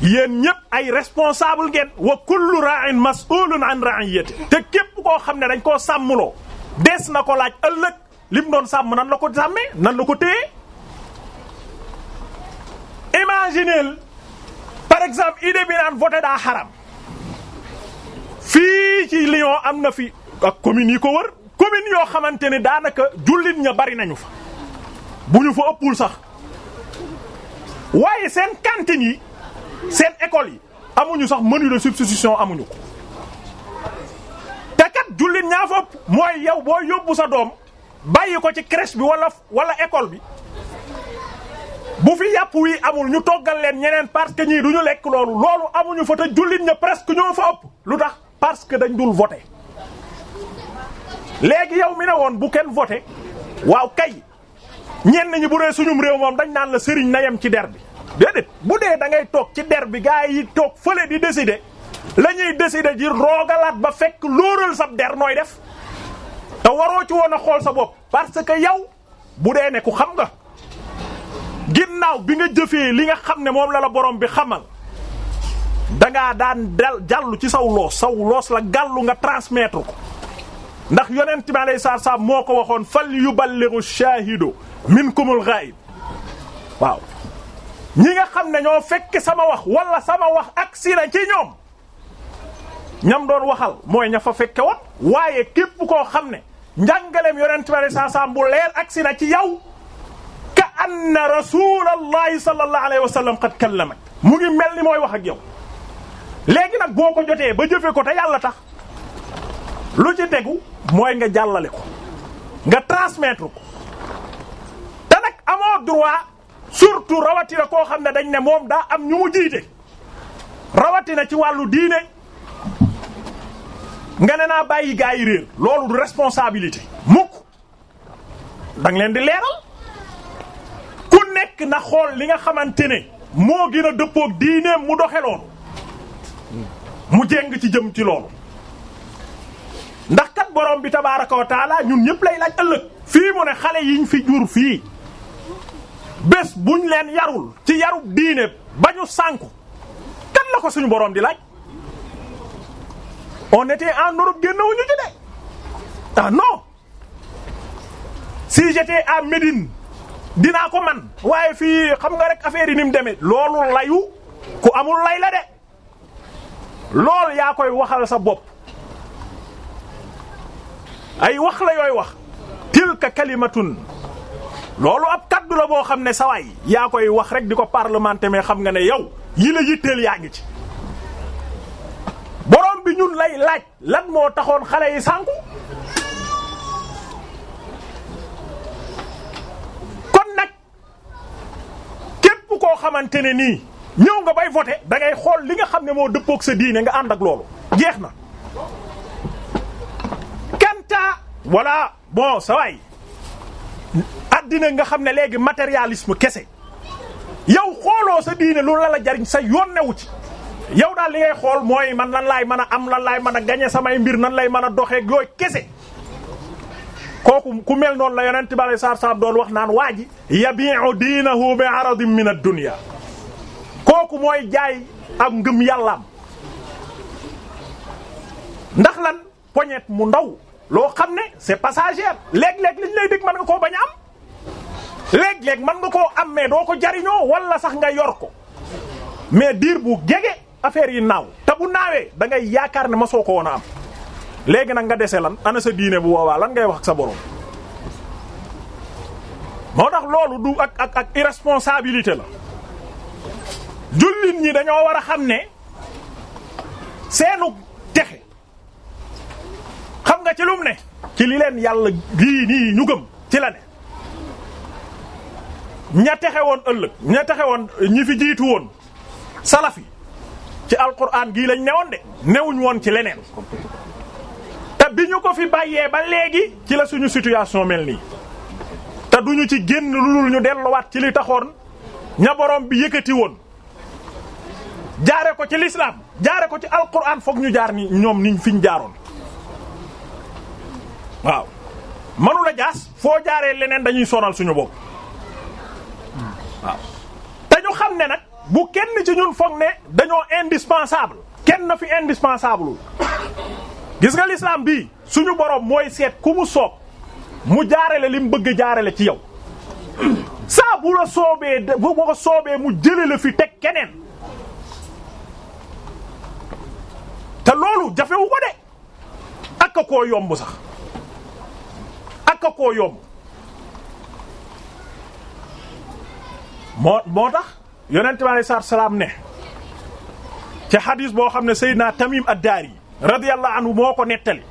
yéen ay responsable ngeen wa kullu ra'in mas'ulun an ra'iyati te képp koo xam ne dañ koo sàmmloo des na ko laaj ëllëg lim doon sàmm nan la ko sàmmee nan la ko téye par exemple idée bi naan voter daa xaram fii ci Lyon am na fi ak communes yi ko wër communes yoo xamante ne daanaka jullit ña bari nañu fa bu ñu fa ëppul sax waaye seen cantines yi seen écoles yi amuñu sax menu de amuñu ko te kat jullit ñaa fa ëpp mooy yow boo yóbbu sa doom bàyyi ko ci crèche bi wala wala école bi bu fi yàpp wi amul ñu toggal leen ñeneen parce que ñii du ñu lekk loolu loolu amuñu fa te jullit ña presque ñoo fa ëpp lu tax parce que dañ dul voter léegi yow mi ne woon bu kenn voter waaw kay ñenn ñi bu dee suñum réew moom dañ naan la sëriñ na yem ci der bi déedéet bu dee da ngay toog ci der bi gaa yi toog fële di décider lañuy ñuy décider ji roogalaat ba fekk lóoral sab der nooy def te waroo ci woon a xool sa bopp parce que yow bu dee ne ku xam nga ginnaaw bi nga jëfee li nga xam ne moom la la borom bi xamal danga daan dal jàllu ci saw loos saw loos la gàll nga transmettre ko ndax yonent bi alayhi salaatu salaam moo ko waxoon fal yuballighu shaahidu minkumul ghaib waaw ñi nga xam ne ñoo fekk sama wax wala sama wax ak si na ci ñoom ñam doon waxal mooy ña fa fekke woon waaye képp koo xam ne njàngaleem yonent bi alayhi salaatu salaam bu leer ak si na ci yow ka anna rasulallahi sallallahu alayhi wa sallam qad kallamak mu ngi mel ni mooy wax ak yow léegi nag boo ko jotee ba jëfe ko te yàlla tax lu ci tegu mooy nga jàllale ko nga transmettre ko te nag amoo droit surtout rawatina koo xam ne dañ ne moom daa am ñu mu jiite rawatina ci wàllu diine nga ne naa bàyyi gaa yi réer loolu du responsabilité mukk dang leen di leeral ku nekk na xool li nga xamante ne moo gën a dëppoog diineem mu doxeloon mu jéng ci jëm ci loolu ndax kat borom bi tabaaraka wa ñun ñëpp lay laaj ëllëg fii mu ne xale yiñ fi jur fii bés buñ leen yarul ci yarub diine ba ñu sànku kan la ko suñu boroom di laaj on était en Europe génnawuñu ci de ah non si j'étais à Médine dinaa ko man waaye fii xam nga rek affaire yi ni mu demee loolu layu ku amul lay la de lool yaa koy waxal sa bopp ay wax la yooy wax tilka kalimatun loolu ab kaddu la boo xam ne sawaay yaa koy wax rek di ko parlementer mais xam nga ne yow yi la yitteel yaa ngi ci borom bi ñun lay laaj lan moo taxoon xale yi sànku kon nag képp koo xamante ne nii ñëw nga bay voter da ngay xool li nga xam ne moo dëppook sa diine nga ànd ak loolu jeex na kanta voilà bon sa waay addina nga xam ne léegi matérialisme kese yow xooloo sa diine lu la la jariñ sa yoon newu ci yow daal li ngay xool mooy man lan laay mën a am lan laay mën a gañe samay mbir nan lay mën a doxeeg yooyu kese kooku ku mel noonu la yonent bi alei satu salaam doon wax naan waa ji yabi'u diinahu bi aradin min ad-dunya kooku mooy jaay ak ngëm yàllaam ndax lan poñet mu ndaw loo xam ne c'est passager léeg-léeg liñ lay nga koo bañ a am léeg-léeg man nga koo am mais doo ko jariñoo walla sax nga yor ko mais diir bu jege affaire yi naaw te bu naawee da ngay yaakaar ne ma soo ko woon a am léegi nag nga dese lan ana sa diine bu boobaa lan ngay wax ak sa borom. moo tax loolu du ak ak ak irresponsabilité la. jullit ñi dañoo war a xam ne seenu texe xam nga ci lum ne ci li yàlla lii nii ñu gëm ci la ne ña texe woon ëllëg ña texe woon ñi fi jiitu woon salaf yi ci alquran gii lañ newoon de newuñ woon ci leneen te bi ñu ko fi bàyyee ba léegi ci la suñu situation mel nii te duñu ci génn lu dul ñu delluwaat ci li taxoon ña borom bi yëkkati woon jaare ko ci lislaam jaare ko ci alquran foog ñu jaar ni ñoom niñ fiñ jaaroon waaw manu jaas foo jaaree leneen dañuy sonal suñu bopp waaw te ñu xam ne nag bu kenn ci ñun foog ne dañoo indispensable kenn na fi indispensable gis nga l'islam bii suñu borom mooy seet ku mu soob mu jaarale li mu bëgg jaarale ci yow saa bu la soobee bu ko soobee mu jële la fi teg keneen te loolu jafewu ko de ak a koo yomb sax ak koo yomb moo moo tax yonent bi alayhi salaatu salaam ne ci hadis boo xam ne Seydina Tamim ad-Dari radiyallahu anhu moo ko nettali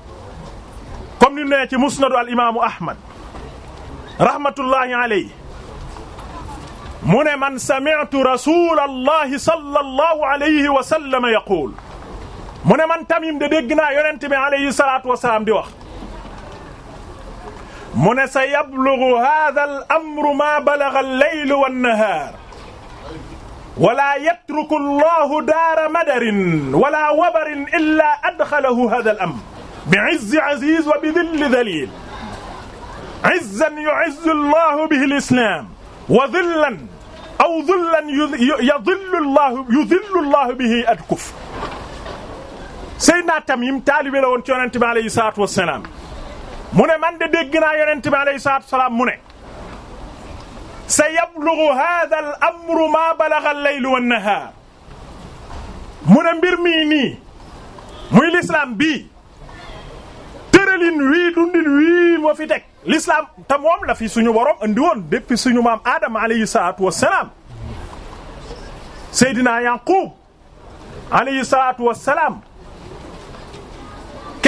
comme ni ne ci musnadu al imaamu Ahmad rahmatullahi alayhi mu ne man sami'tu rasulallahi sallallahu alayhi wa sallam yaqul mu ne man tamim de dégg naa yonent bi alayhi salaatu wasalaam di wax mu ne sa yablughu hadha al amru ma balagha al laylu wan nahaar wala yatruku allahu daara madarin wala wabarin illa adxalahu hadha al amr bi'izzi aziz wa bidilli dalil izzan yu'izzu allahu bihi al islam wa dhillan aw dhillan yudhillu allahu yudhillu allahu bihi adkuf Seydina Tamim taalibe la woon ci yonent bi alayhi salaatu wassalaam mu ne man de dégg naa yonent bi alayhi salaatu wassalaam mu ne sa yablughu ma balagha al laylu nahaar mu ne mbir mii nii muy l'islam bii tëralin wii dundin wii moo fi teg l'islam te la fi suñu borom andi woon depuis suñu maam Adama alayhi salaatu wassalaam Seydina Yaqub alayhi salaatu wassalaam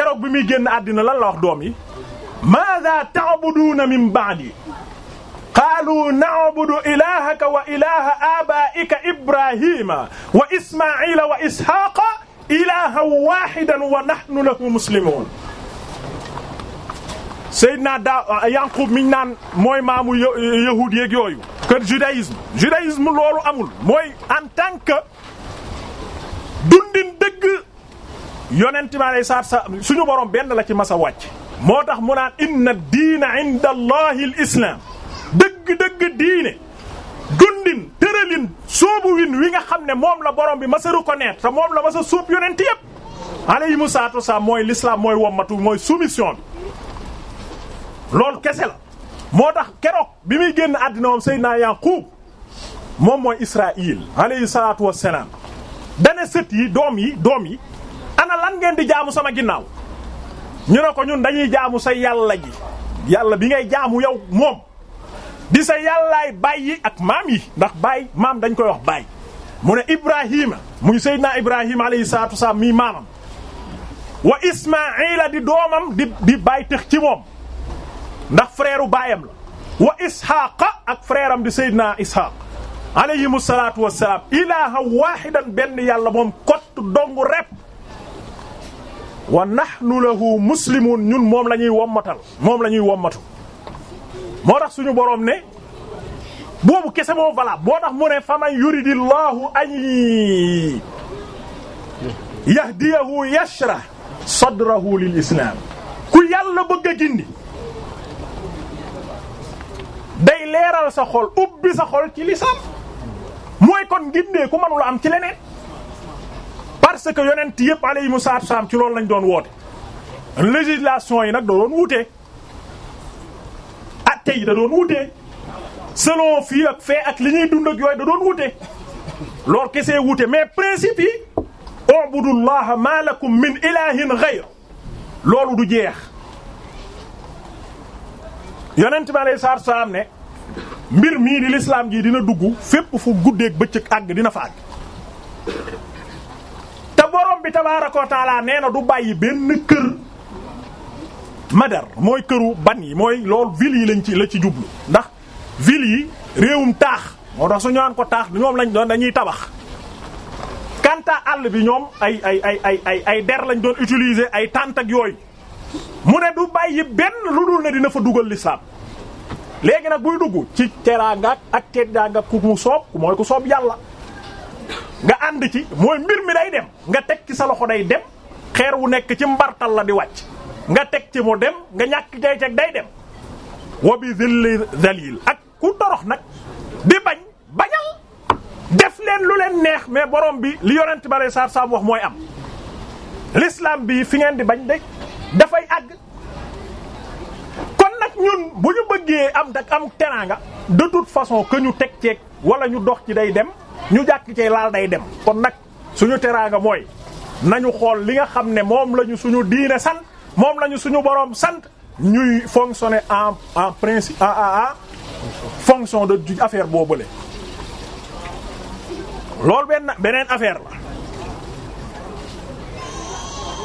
keroog bi muy génn àddina lan la wax doom yi maada ta'buduna min ba'di qaalu na'budu ilahaka wa ilaha abaika ibrahima wa ismaila wa ishaqa ilahan wahidan wa nahnu lahu muslimun Seydina da uh, Yaqub miñ naan mooy maamu yahuud yeeg yooyu kër judaïsme judaïsme loolu amul mooy en tant que dundin dëgg yonent bi alei suñu borom benn la ci masa a wàcc moo tax mu naan inna diina inda allahi al islam dëgg-dëgg diine dundin tëralin soobu win wi nga xam ne moom la borom bi ma mas ko reconnaître sa moom la mas a suub yonent yépp alayhimu salaatu wasalaam mooy l'islam mooy wommatu mooy soumission bi loolu kese la moo tax keroog bi muy génn àddina moom Seydina Yaqub moom mooy Israil alayhi salaatu wasalaam dane sët yi doom yi doom yi ana lan ngeen di jaamu sama ginnaaw ñu ne ko ñun dañuy jaamu sa yàlla ji yàlla bi ngay jaamu yow moom di sa yàllaay baay yi ak maam yi ndax baay maam dañ koy wax baay mu ne Ibrahima muy Seydina Ibrahima alayhi salaatu wasalaam mii maamam wa Ismaila di doomam di di baay ci moom ndax frère u baayam la wa Isxaaqa ak frère am di Seydina Isxaaq alayhimu salaatu ilaaha waahidan benn yàlla moom kott dong rep wa nahnu lahu muslimun ñun moom la ñuy wommatal moom la ñuy wommatu moo tax suñu borom ne boobu kese moo valable boo tax mu ne faman yuridillahu an yahdiyahu yashrah sadrahu lil islam ku yàlla bëgg a gindi day leeral sa xol ubbi sa xol ci lislaam mooy kon gindee ku mënula am ci leneen parce que yonent yëpp alayhimu salaatu salaam ci loolu lañ doon woote législation yi nag da doon wuute atte yi da doon wuute selon fii ak fee ak li ñuy dund ak yooyu da doon wuute loolu kesee wuute mais principe yi ubudullaha ma lakum min ilahin ghayr loolu du jeex yonent bi alayhi salaatu salaam ne mbir mii di l'islam ji dina dugg fépp fu guddeeg bëccëg àgg dina fa àgg borom bi tabaaraka wa taala nee na du bàyyi benn kër madar mooy këru ban yi mooy loolu ville yi lañ ci la ci jublu ndax ville yi réewum taax moo tax su ñaan ko taax ñoom lañ doon dañuy tabax kanta àll bi ñoom ay ay ay ay ay der lañ doon utiliser ay tàntak yooyu mu ne du bàyyi benn lu dul ne dina fa dugal l'islam léegi nag buy dugg ci teraanga ak teddaanga ku mu soob mooy ku soob yàlla nga ànd ci mooy mbir mi day dem nga teg ci sa loxo day dem xeer wu nekk ci mbartal la di wàcc nga teg ci mu dem nga ñàkk day day dem wa bi zilli zalil ak ku torox nag di bañ bañal def leen lu leen neex mais borom bi li yonent bare lay saar wax mooy am l'islam bi fi ngeen di bañ de dafay àgg kon nag ñun bu ñu bëggee am dak am teraanga de toute façon que ñu teg ceeg wala ñu dox ci day dem ñu jàkk cee laal day dem kon nag suñu teraanga mooy nañu xool li nga xam ne moom lañu suñu diine sal moom lañu suñu boroom sant ñuy fonctionner en en principe en en fonction de affaire boobule. loolu benn beneen affaire la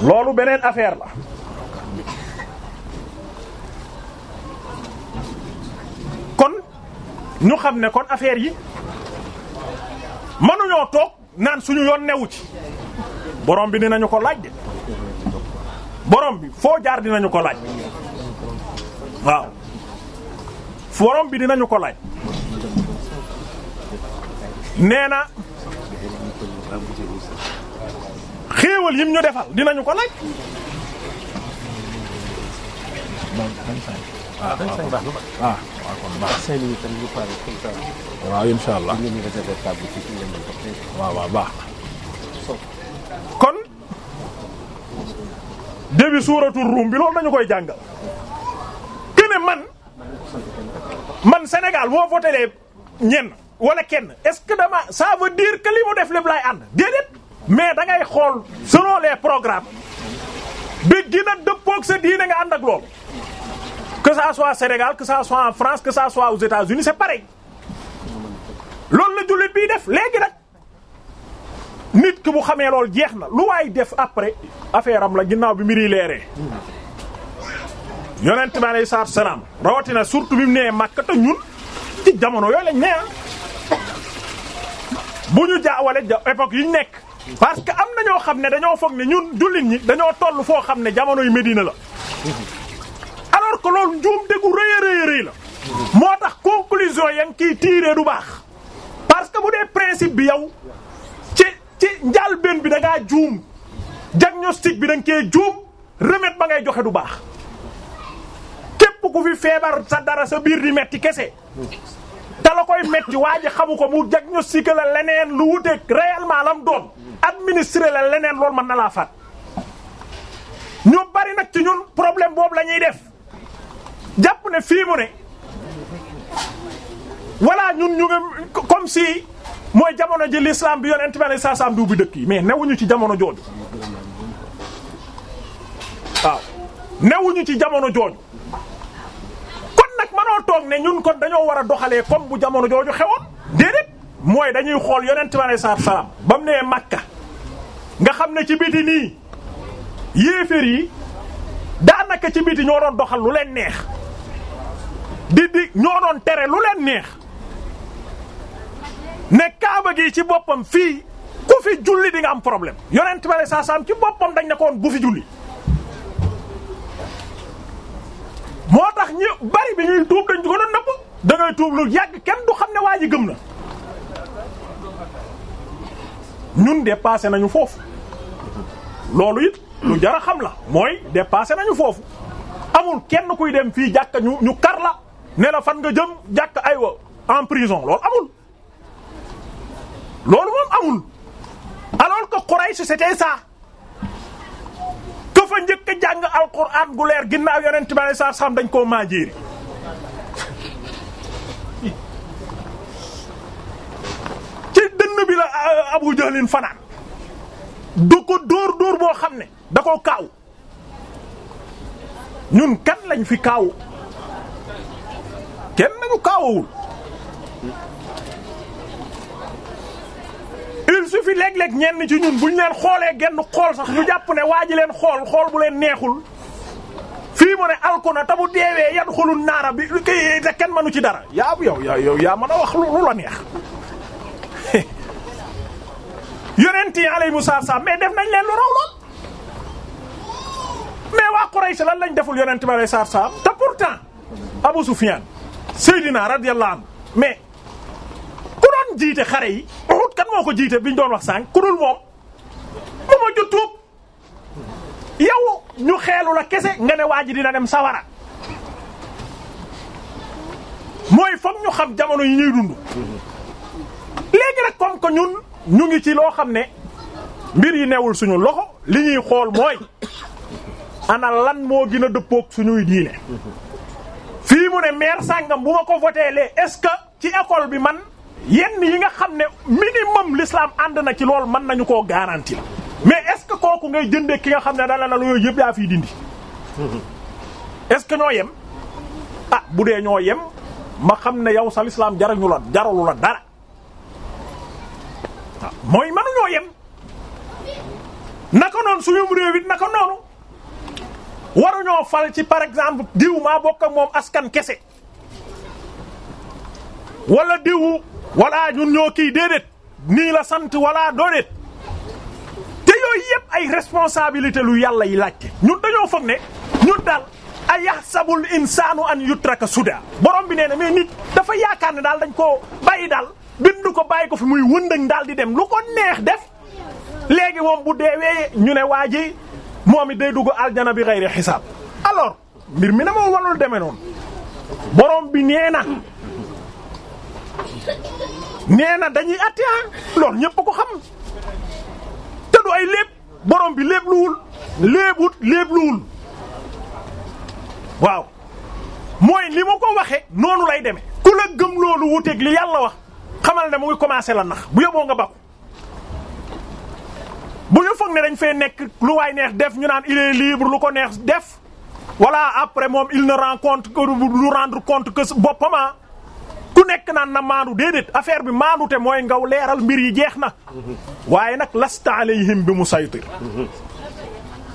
loolu beneen affaire la kon ñu xam ne kon affaire yi. manuñoo toog naan suñu yoon newu ci borom bi dinañu ko laaj de borom bi foo jaar dinañu ko laaj waaw borom bi dinañu ko laaj nee na xéewal yim ñu defal dinañu ko laaj ah waaw waaw waaw kon baax na. waaw incha allah. waaw waaw suuratul ruum bi loolu dañu koy jàngal. que ne man. man Sénégal boo votelee ñenn wala kenn est-ce que dama ça veut dire que mu def lépp laay ànd déedéet. mais da ngay xool selon les programmes. bi gën a dëppoog sa diine nga ànd ak loolu. que ça soit Sénégal que ça soit ça soit aux États-Unis c'est pareil loolu la jullit bii def léegi nag nit ki bu xamee loolu jeex na lu waay def après affaire am la ginnaaw bi mbiri leeree yonent bi alayhi salaatu salaam rawatina surtout bi mu nee Makka ñun ci jamono yooyu lañ ne ah bu ñu jaawale ja époque yi ñu nekk parce que am na ñoo xam ne dañoo foog ne ñun jullit ñi dañoo toll foo xam ne jamono yu Medina la alors que loolu njuumte gu rëy a rëy a la moo tax conclusion ya ngi kiy tiiree du baax parce que bu dee principe bi yow ci ci njàlbéen bi da ngaa juum diagnostic bi da nga koy juum remède ba ngay joxe du baax képp ku fi feebar sa dara sa biir di metti kese te la koy metti waa ji xamu ko mu diagnostiqué la leneen lu wuteeg réellement lam doon administré la leneen loolu mën na laa faat ñu bari nag ci ñun problème boobu lañuy def jàpp ne fii mu ne voilà ñun ñu ngi comme si mooy jamono ji l'islam bi yonent bi saa saa du bi dëkk yi mais newuñu ci jamono jooju waaw newuñu ci jamono jooju kon nag ma mënoo toog ne ñun kon dañoo war a doxalee comme bu jamono jooju xewoon déedéet mooy dañuy xool yonent bi saa salaam ba mu nee Makka nga xam ne ci biti nii yéeféer yi daanaka ci biti ñoo doon doxal lu leen neex. di di ñoo doon tere lu leen neex ne kaaba gi ci boppam fii ku fi julli di nga am problème yonent bale saa saam ci boppam dañ ne ko woon bu fi julli moo tax ñu bari bi ñuy tuub dañ ko doon nëbb da tuub lu yàgg kenn du xam ne waa ji gëm na ñun de dépassé nañu foofu loolu it lu jar a xam la mooy de dépassé nañu foofu amul kenn kuy dem fii jàkka ñu ñu kar la ne la fan nga jëm jàkk aywa en prison loolu amul loolu moom amul alors que Quraysh c'était ça que njëkk a jàng alquran gu leer ginnaaw yonent bi saa xam dañ koo maajeeri ci dënn bi la euh, Abu Jahlin fanaan du ko dóor dóor boo xam ne da kaaw ñun kan lañ fi kaaw kenn ñu kaawawul il suffit lekk léeg ñenn ci ñun buñ leen xoolee genn xool sax ñu jàpp ne waa ji leen xool xool bu leen neexul fii mu ne alkuna ta bu deewee yan xulul naara bi kii te kenn mënu ci dara yaa yow yaa yow yaa mën a wax lu la neex yonent yi mu salaam mais def nañ leen lu raw lool mais waa Quraysh lan lañ deful yonent bi alayhi salaam te pourtant Abu Sufyan Seydina radiyallahu anhu mais ku doon jiite xare yi Uhud kan moo ko jiite biñ doon wax sànq ku dul moom mu ma tuub yow ñu xeelu la kese nga ne waa dina dem sawara mooy foog ñu xam jamono yi ñuy dund léegi nag comme que ñun ñu ngi ci loo xam ne mbir yi newul suñu loxo li ñuy xool mooy ana lan moo gën a dëppoog suñuy diine fii mu ne maire sàngam bu ma ko voteelee est-ce que ci école bi man yenn yi nga xam ne minimum l'islam ànd na ci lool mën nañu koo garantir mais est-ce que kooku ngay jëndee ki nga xam ne dala la yooyu yëpp yaa fiy dindi est-ce que ñoo yem ah bu dee ñoo yem ma xam ne yow sa l'islam jarañu la jaralu la dara ah, mooy manu ñoo yem naka noonu suñu réew it naka noonu waruñoo fal ci par exemple diw maa bokk ak moom askan kese wala diw wala ñun ñoo kii déedéet nii la sant wala doodéet te yooyu yëpp ay responsabilité lu yàlla yi laajte ñun dañoo foog ne ñun daal a yahsabul insaanu an yutraka suda borom bi nee na mais nit dafa yaakaar ne daal dañ koo bàyyi daal bindu ko bàyyi ko fi muy wëndëng daal di dem lu ko neex def léegi moom bu deewee ñu ne waa ji moom mi day dugg aljana bi xayri xisaab alors mbir mi na moo warul demee noonu borom bi nee na nee na dañuy atte ah. loolu ñépp ko xam te du ay léeb borom bi léeb luwul léebut léeb luwul waaw mooy li ma ko waxe noonu lay demee ku la gëm loolu wuteeg li yàlla wax xamal ne mu ngi commencé la nax bu yóbboo nga bàqu bu ñu foog ne dañ fee nekk lu waay neex def ñu naan il libre lu ko neex def voilà après moom il ne rend que lu rendre compte que boppama ah. ku nekk naan na maandu déedéet affaire bi maandute mooy ngaw leeral mbir yi jeex na waaye nag lasta alayhim bi musaytir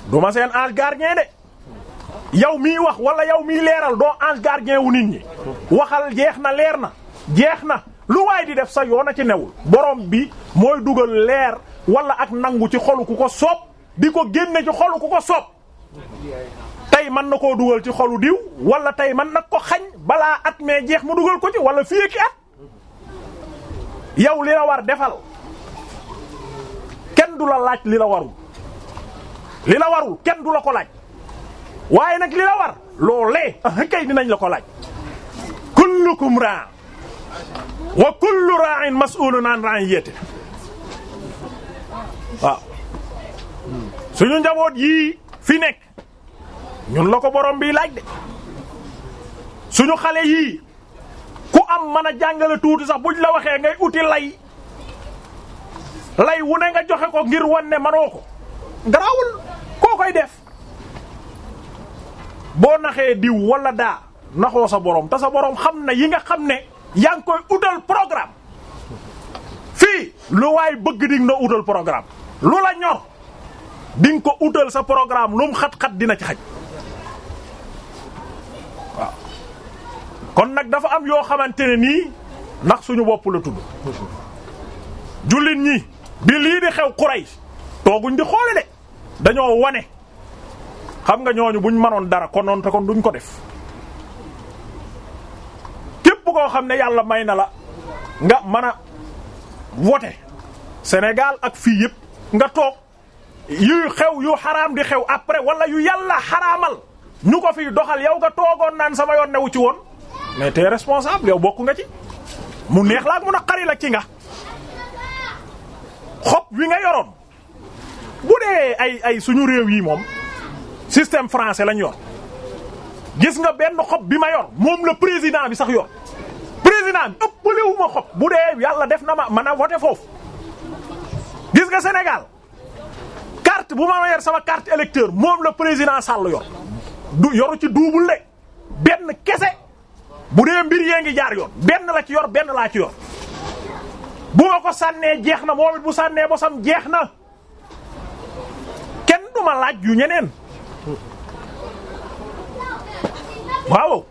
du ma seen ange gardien de yow miy wax wala yow mii leeral doo ange gardien wu nit ñi waxal jeex na leer na jeex na lu waay di def sa yoon ci newul borom bi mooy dugal leer wala ak nangu ci xolu ku ko soob di ko génne ci xolu ku ko soob tey mën na koo dugal ci xolu diw wala tey man nag ko xañ balaa at mee jeex mu dugal ko ci wala fii ki at yow li la war defal kenn du la laaj li la warul li la warul kenn du la ko laaj waaye nag li la war loolee kay dinañ la ko laaj kullukum raa wa kullu ra'in mas'ulun an ra'iyatihi waaw ah. suñu njaboot yii fi nekk ñun la ko borom bi laaj de suñu xale yii ku am mën a jàngale tuuti sax buñ la waxee ngay uti lay lay wu ne nga joxe ko ngir wan ne manoo ko garawul koo koy def boo naxee diw wala daa naxoo sa borom te sa borom xam na yi nga xam ne yaa ngi koy utal programme fii lu waay bëgg dig na utal programme lu la ñor di ko utal sa programme lum mu xat-xat dina ci xaj kon nag dafa am yoo xamante ne nii ndax suñu bopp la tudd jullit ñi bi lii di xew xuray tooguñ di xoole de dañoo wane xam nga ñooñu buñ mënoon dara konoon te kon duñ ko def képp koo xam ne yàlla may na la nga mën a voter Sénégal ak fii yépp nga toog yuy xew yu xaraam di xew après wala yu yàlla xaraamal ñu ko fiy doxal yow nga toogoon naan sama yoon newu ci woon mais t'es responsable yow bokk nga ci mu neex la ak mu naqari la ci nga xob wi nga yoroon bu dee ay ay suñu réew yi moom système français lañu yor gis nga benn xob bi ma yor moom la président bi sax yor président bi ëppalewuma xob bu dee yàlla def na ma mën a voter foofu gis nga Sénégal bu ma sama carte électeur moom la président Sall yor du ci duubul benn kese bu dee mbir ngi jaar yoon benn la ci yor benn laa ci yor ma ko sànnee jeex na moom bu sànnee bosam jeex na kenn du ma laaj yu ñeneen waaw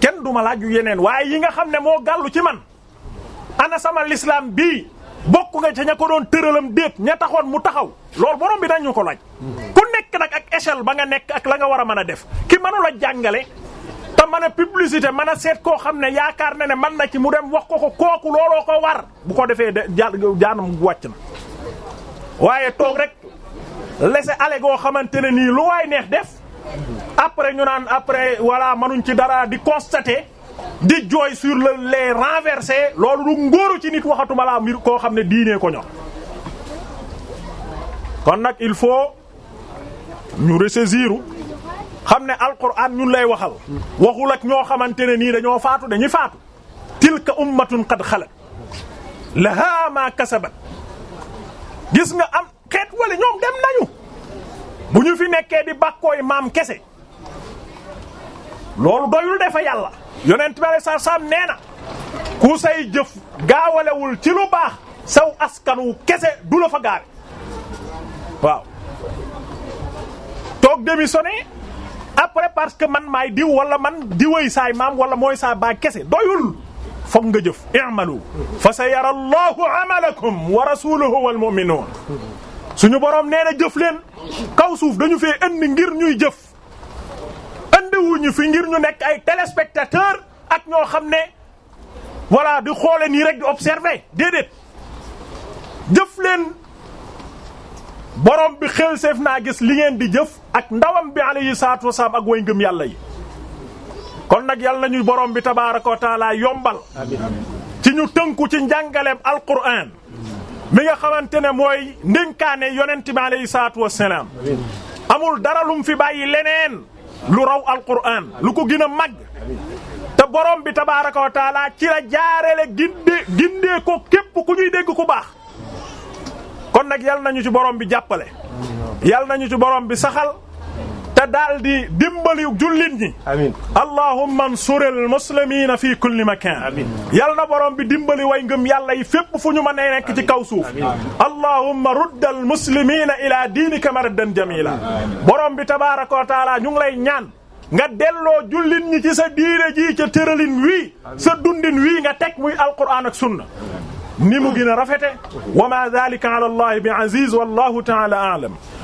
kenn du ma laaj yu yeneen waaye yi nga xam ne moo gàllu ci man ana sama l'islam bii bokk nga ca ña ko doon tëralam déet ña taxoon mu taxaw loolu borom bi dañu ko laaj. ku nekk nag ak échelle ba nga nekk ak la nga war a mën a def ki mënula jàngale. te mën a publicité mën a seet koo xam ne yaakaar na ne mën na ci mu dem wax ko ko kooku looloo ko war bu ko defee de jaanam wàcc na waaye toog rek lese aller goo xamante ne nii lu waay neex def après ñu naan après voilà mënuñ ci dara di constater. di jooy sur le les renversé loolu du ngóoru ci nit waxatuma laa mbir koo xam ne diinee ko ñor kon nag il faut ñu ressaisir xam ne alquran ñun lay waxal waxul ak ñoo xamante ne nii dañoo faatu dañuy faatu tilka ummatun qad xalat laha ma kasabat gis nga am xeet wala ñoom dem nañu bu ñu fi nekkee di bàkkooy maam kese loolu doyul defa yàlla yonent bi saa saam nee na ku say jëf gaawalewul ci lu baax saw askanu kese du la fa gaawe waaw toog démissionné après parce que man may diw wala man diway saay maam wala mooy saa baay kese doyul foog nga jëf i'malu fa sa yara allahu amalakum wa rasuluhu wal mu'minun suñu borom nee na jëf leen kaw suuf dañu fee indi ngir ñuy jëf andiwuñu fi ngir ñu nekk ay téléspectateur ak ñoo xam ne voilà di xoole nii rek di observer jëf leen borom bi xel seef naa gis li ngeen di jëf ak ndawam bi alayhi salaatu wasalaam ak yàlla kon nag yàlla nañu borom bi tabaaraka wa taala ñu tënku ci njàngaleem alquran mi nga xamante ne mooy ndénkaane yonent bi alayhi salaatu amul dara lum fi bàyyi leneen lu raw alquran lu ko gën a màgg te borom bi tabaaraka wa taala ci la jaarele gindee gindee ko képp ku ñuy dégg ko baax kon nag yal nañu ci borom bi jàppale yal nañu ci borom bi saxal te daal di dimbali jullit ñi. amiin allahumma ansuril muslimiina fi kulli makaan. amiin yal na borom bi dimbali way ngëm yàlla yi fépp fu ñu mën nekk ci kaw suuf. allahumma ruddal muslimiina ilaa diinika mardan jamiila. borom bi tabaaraka wa taala ñu ngi lay ñaan. nga delloo jullit ñi ci sa diine jii ca tëralin wii sa dundin wii nga teg muy alquraan ak sunna ni mu gën a rafete wa ma dhalika ala allah bi aziz wallahu ta'ala a'lam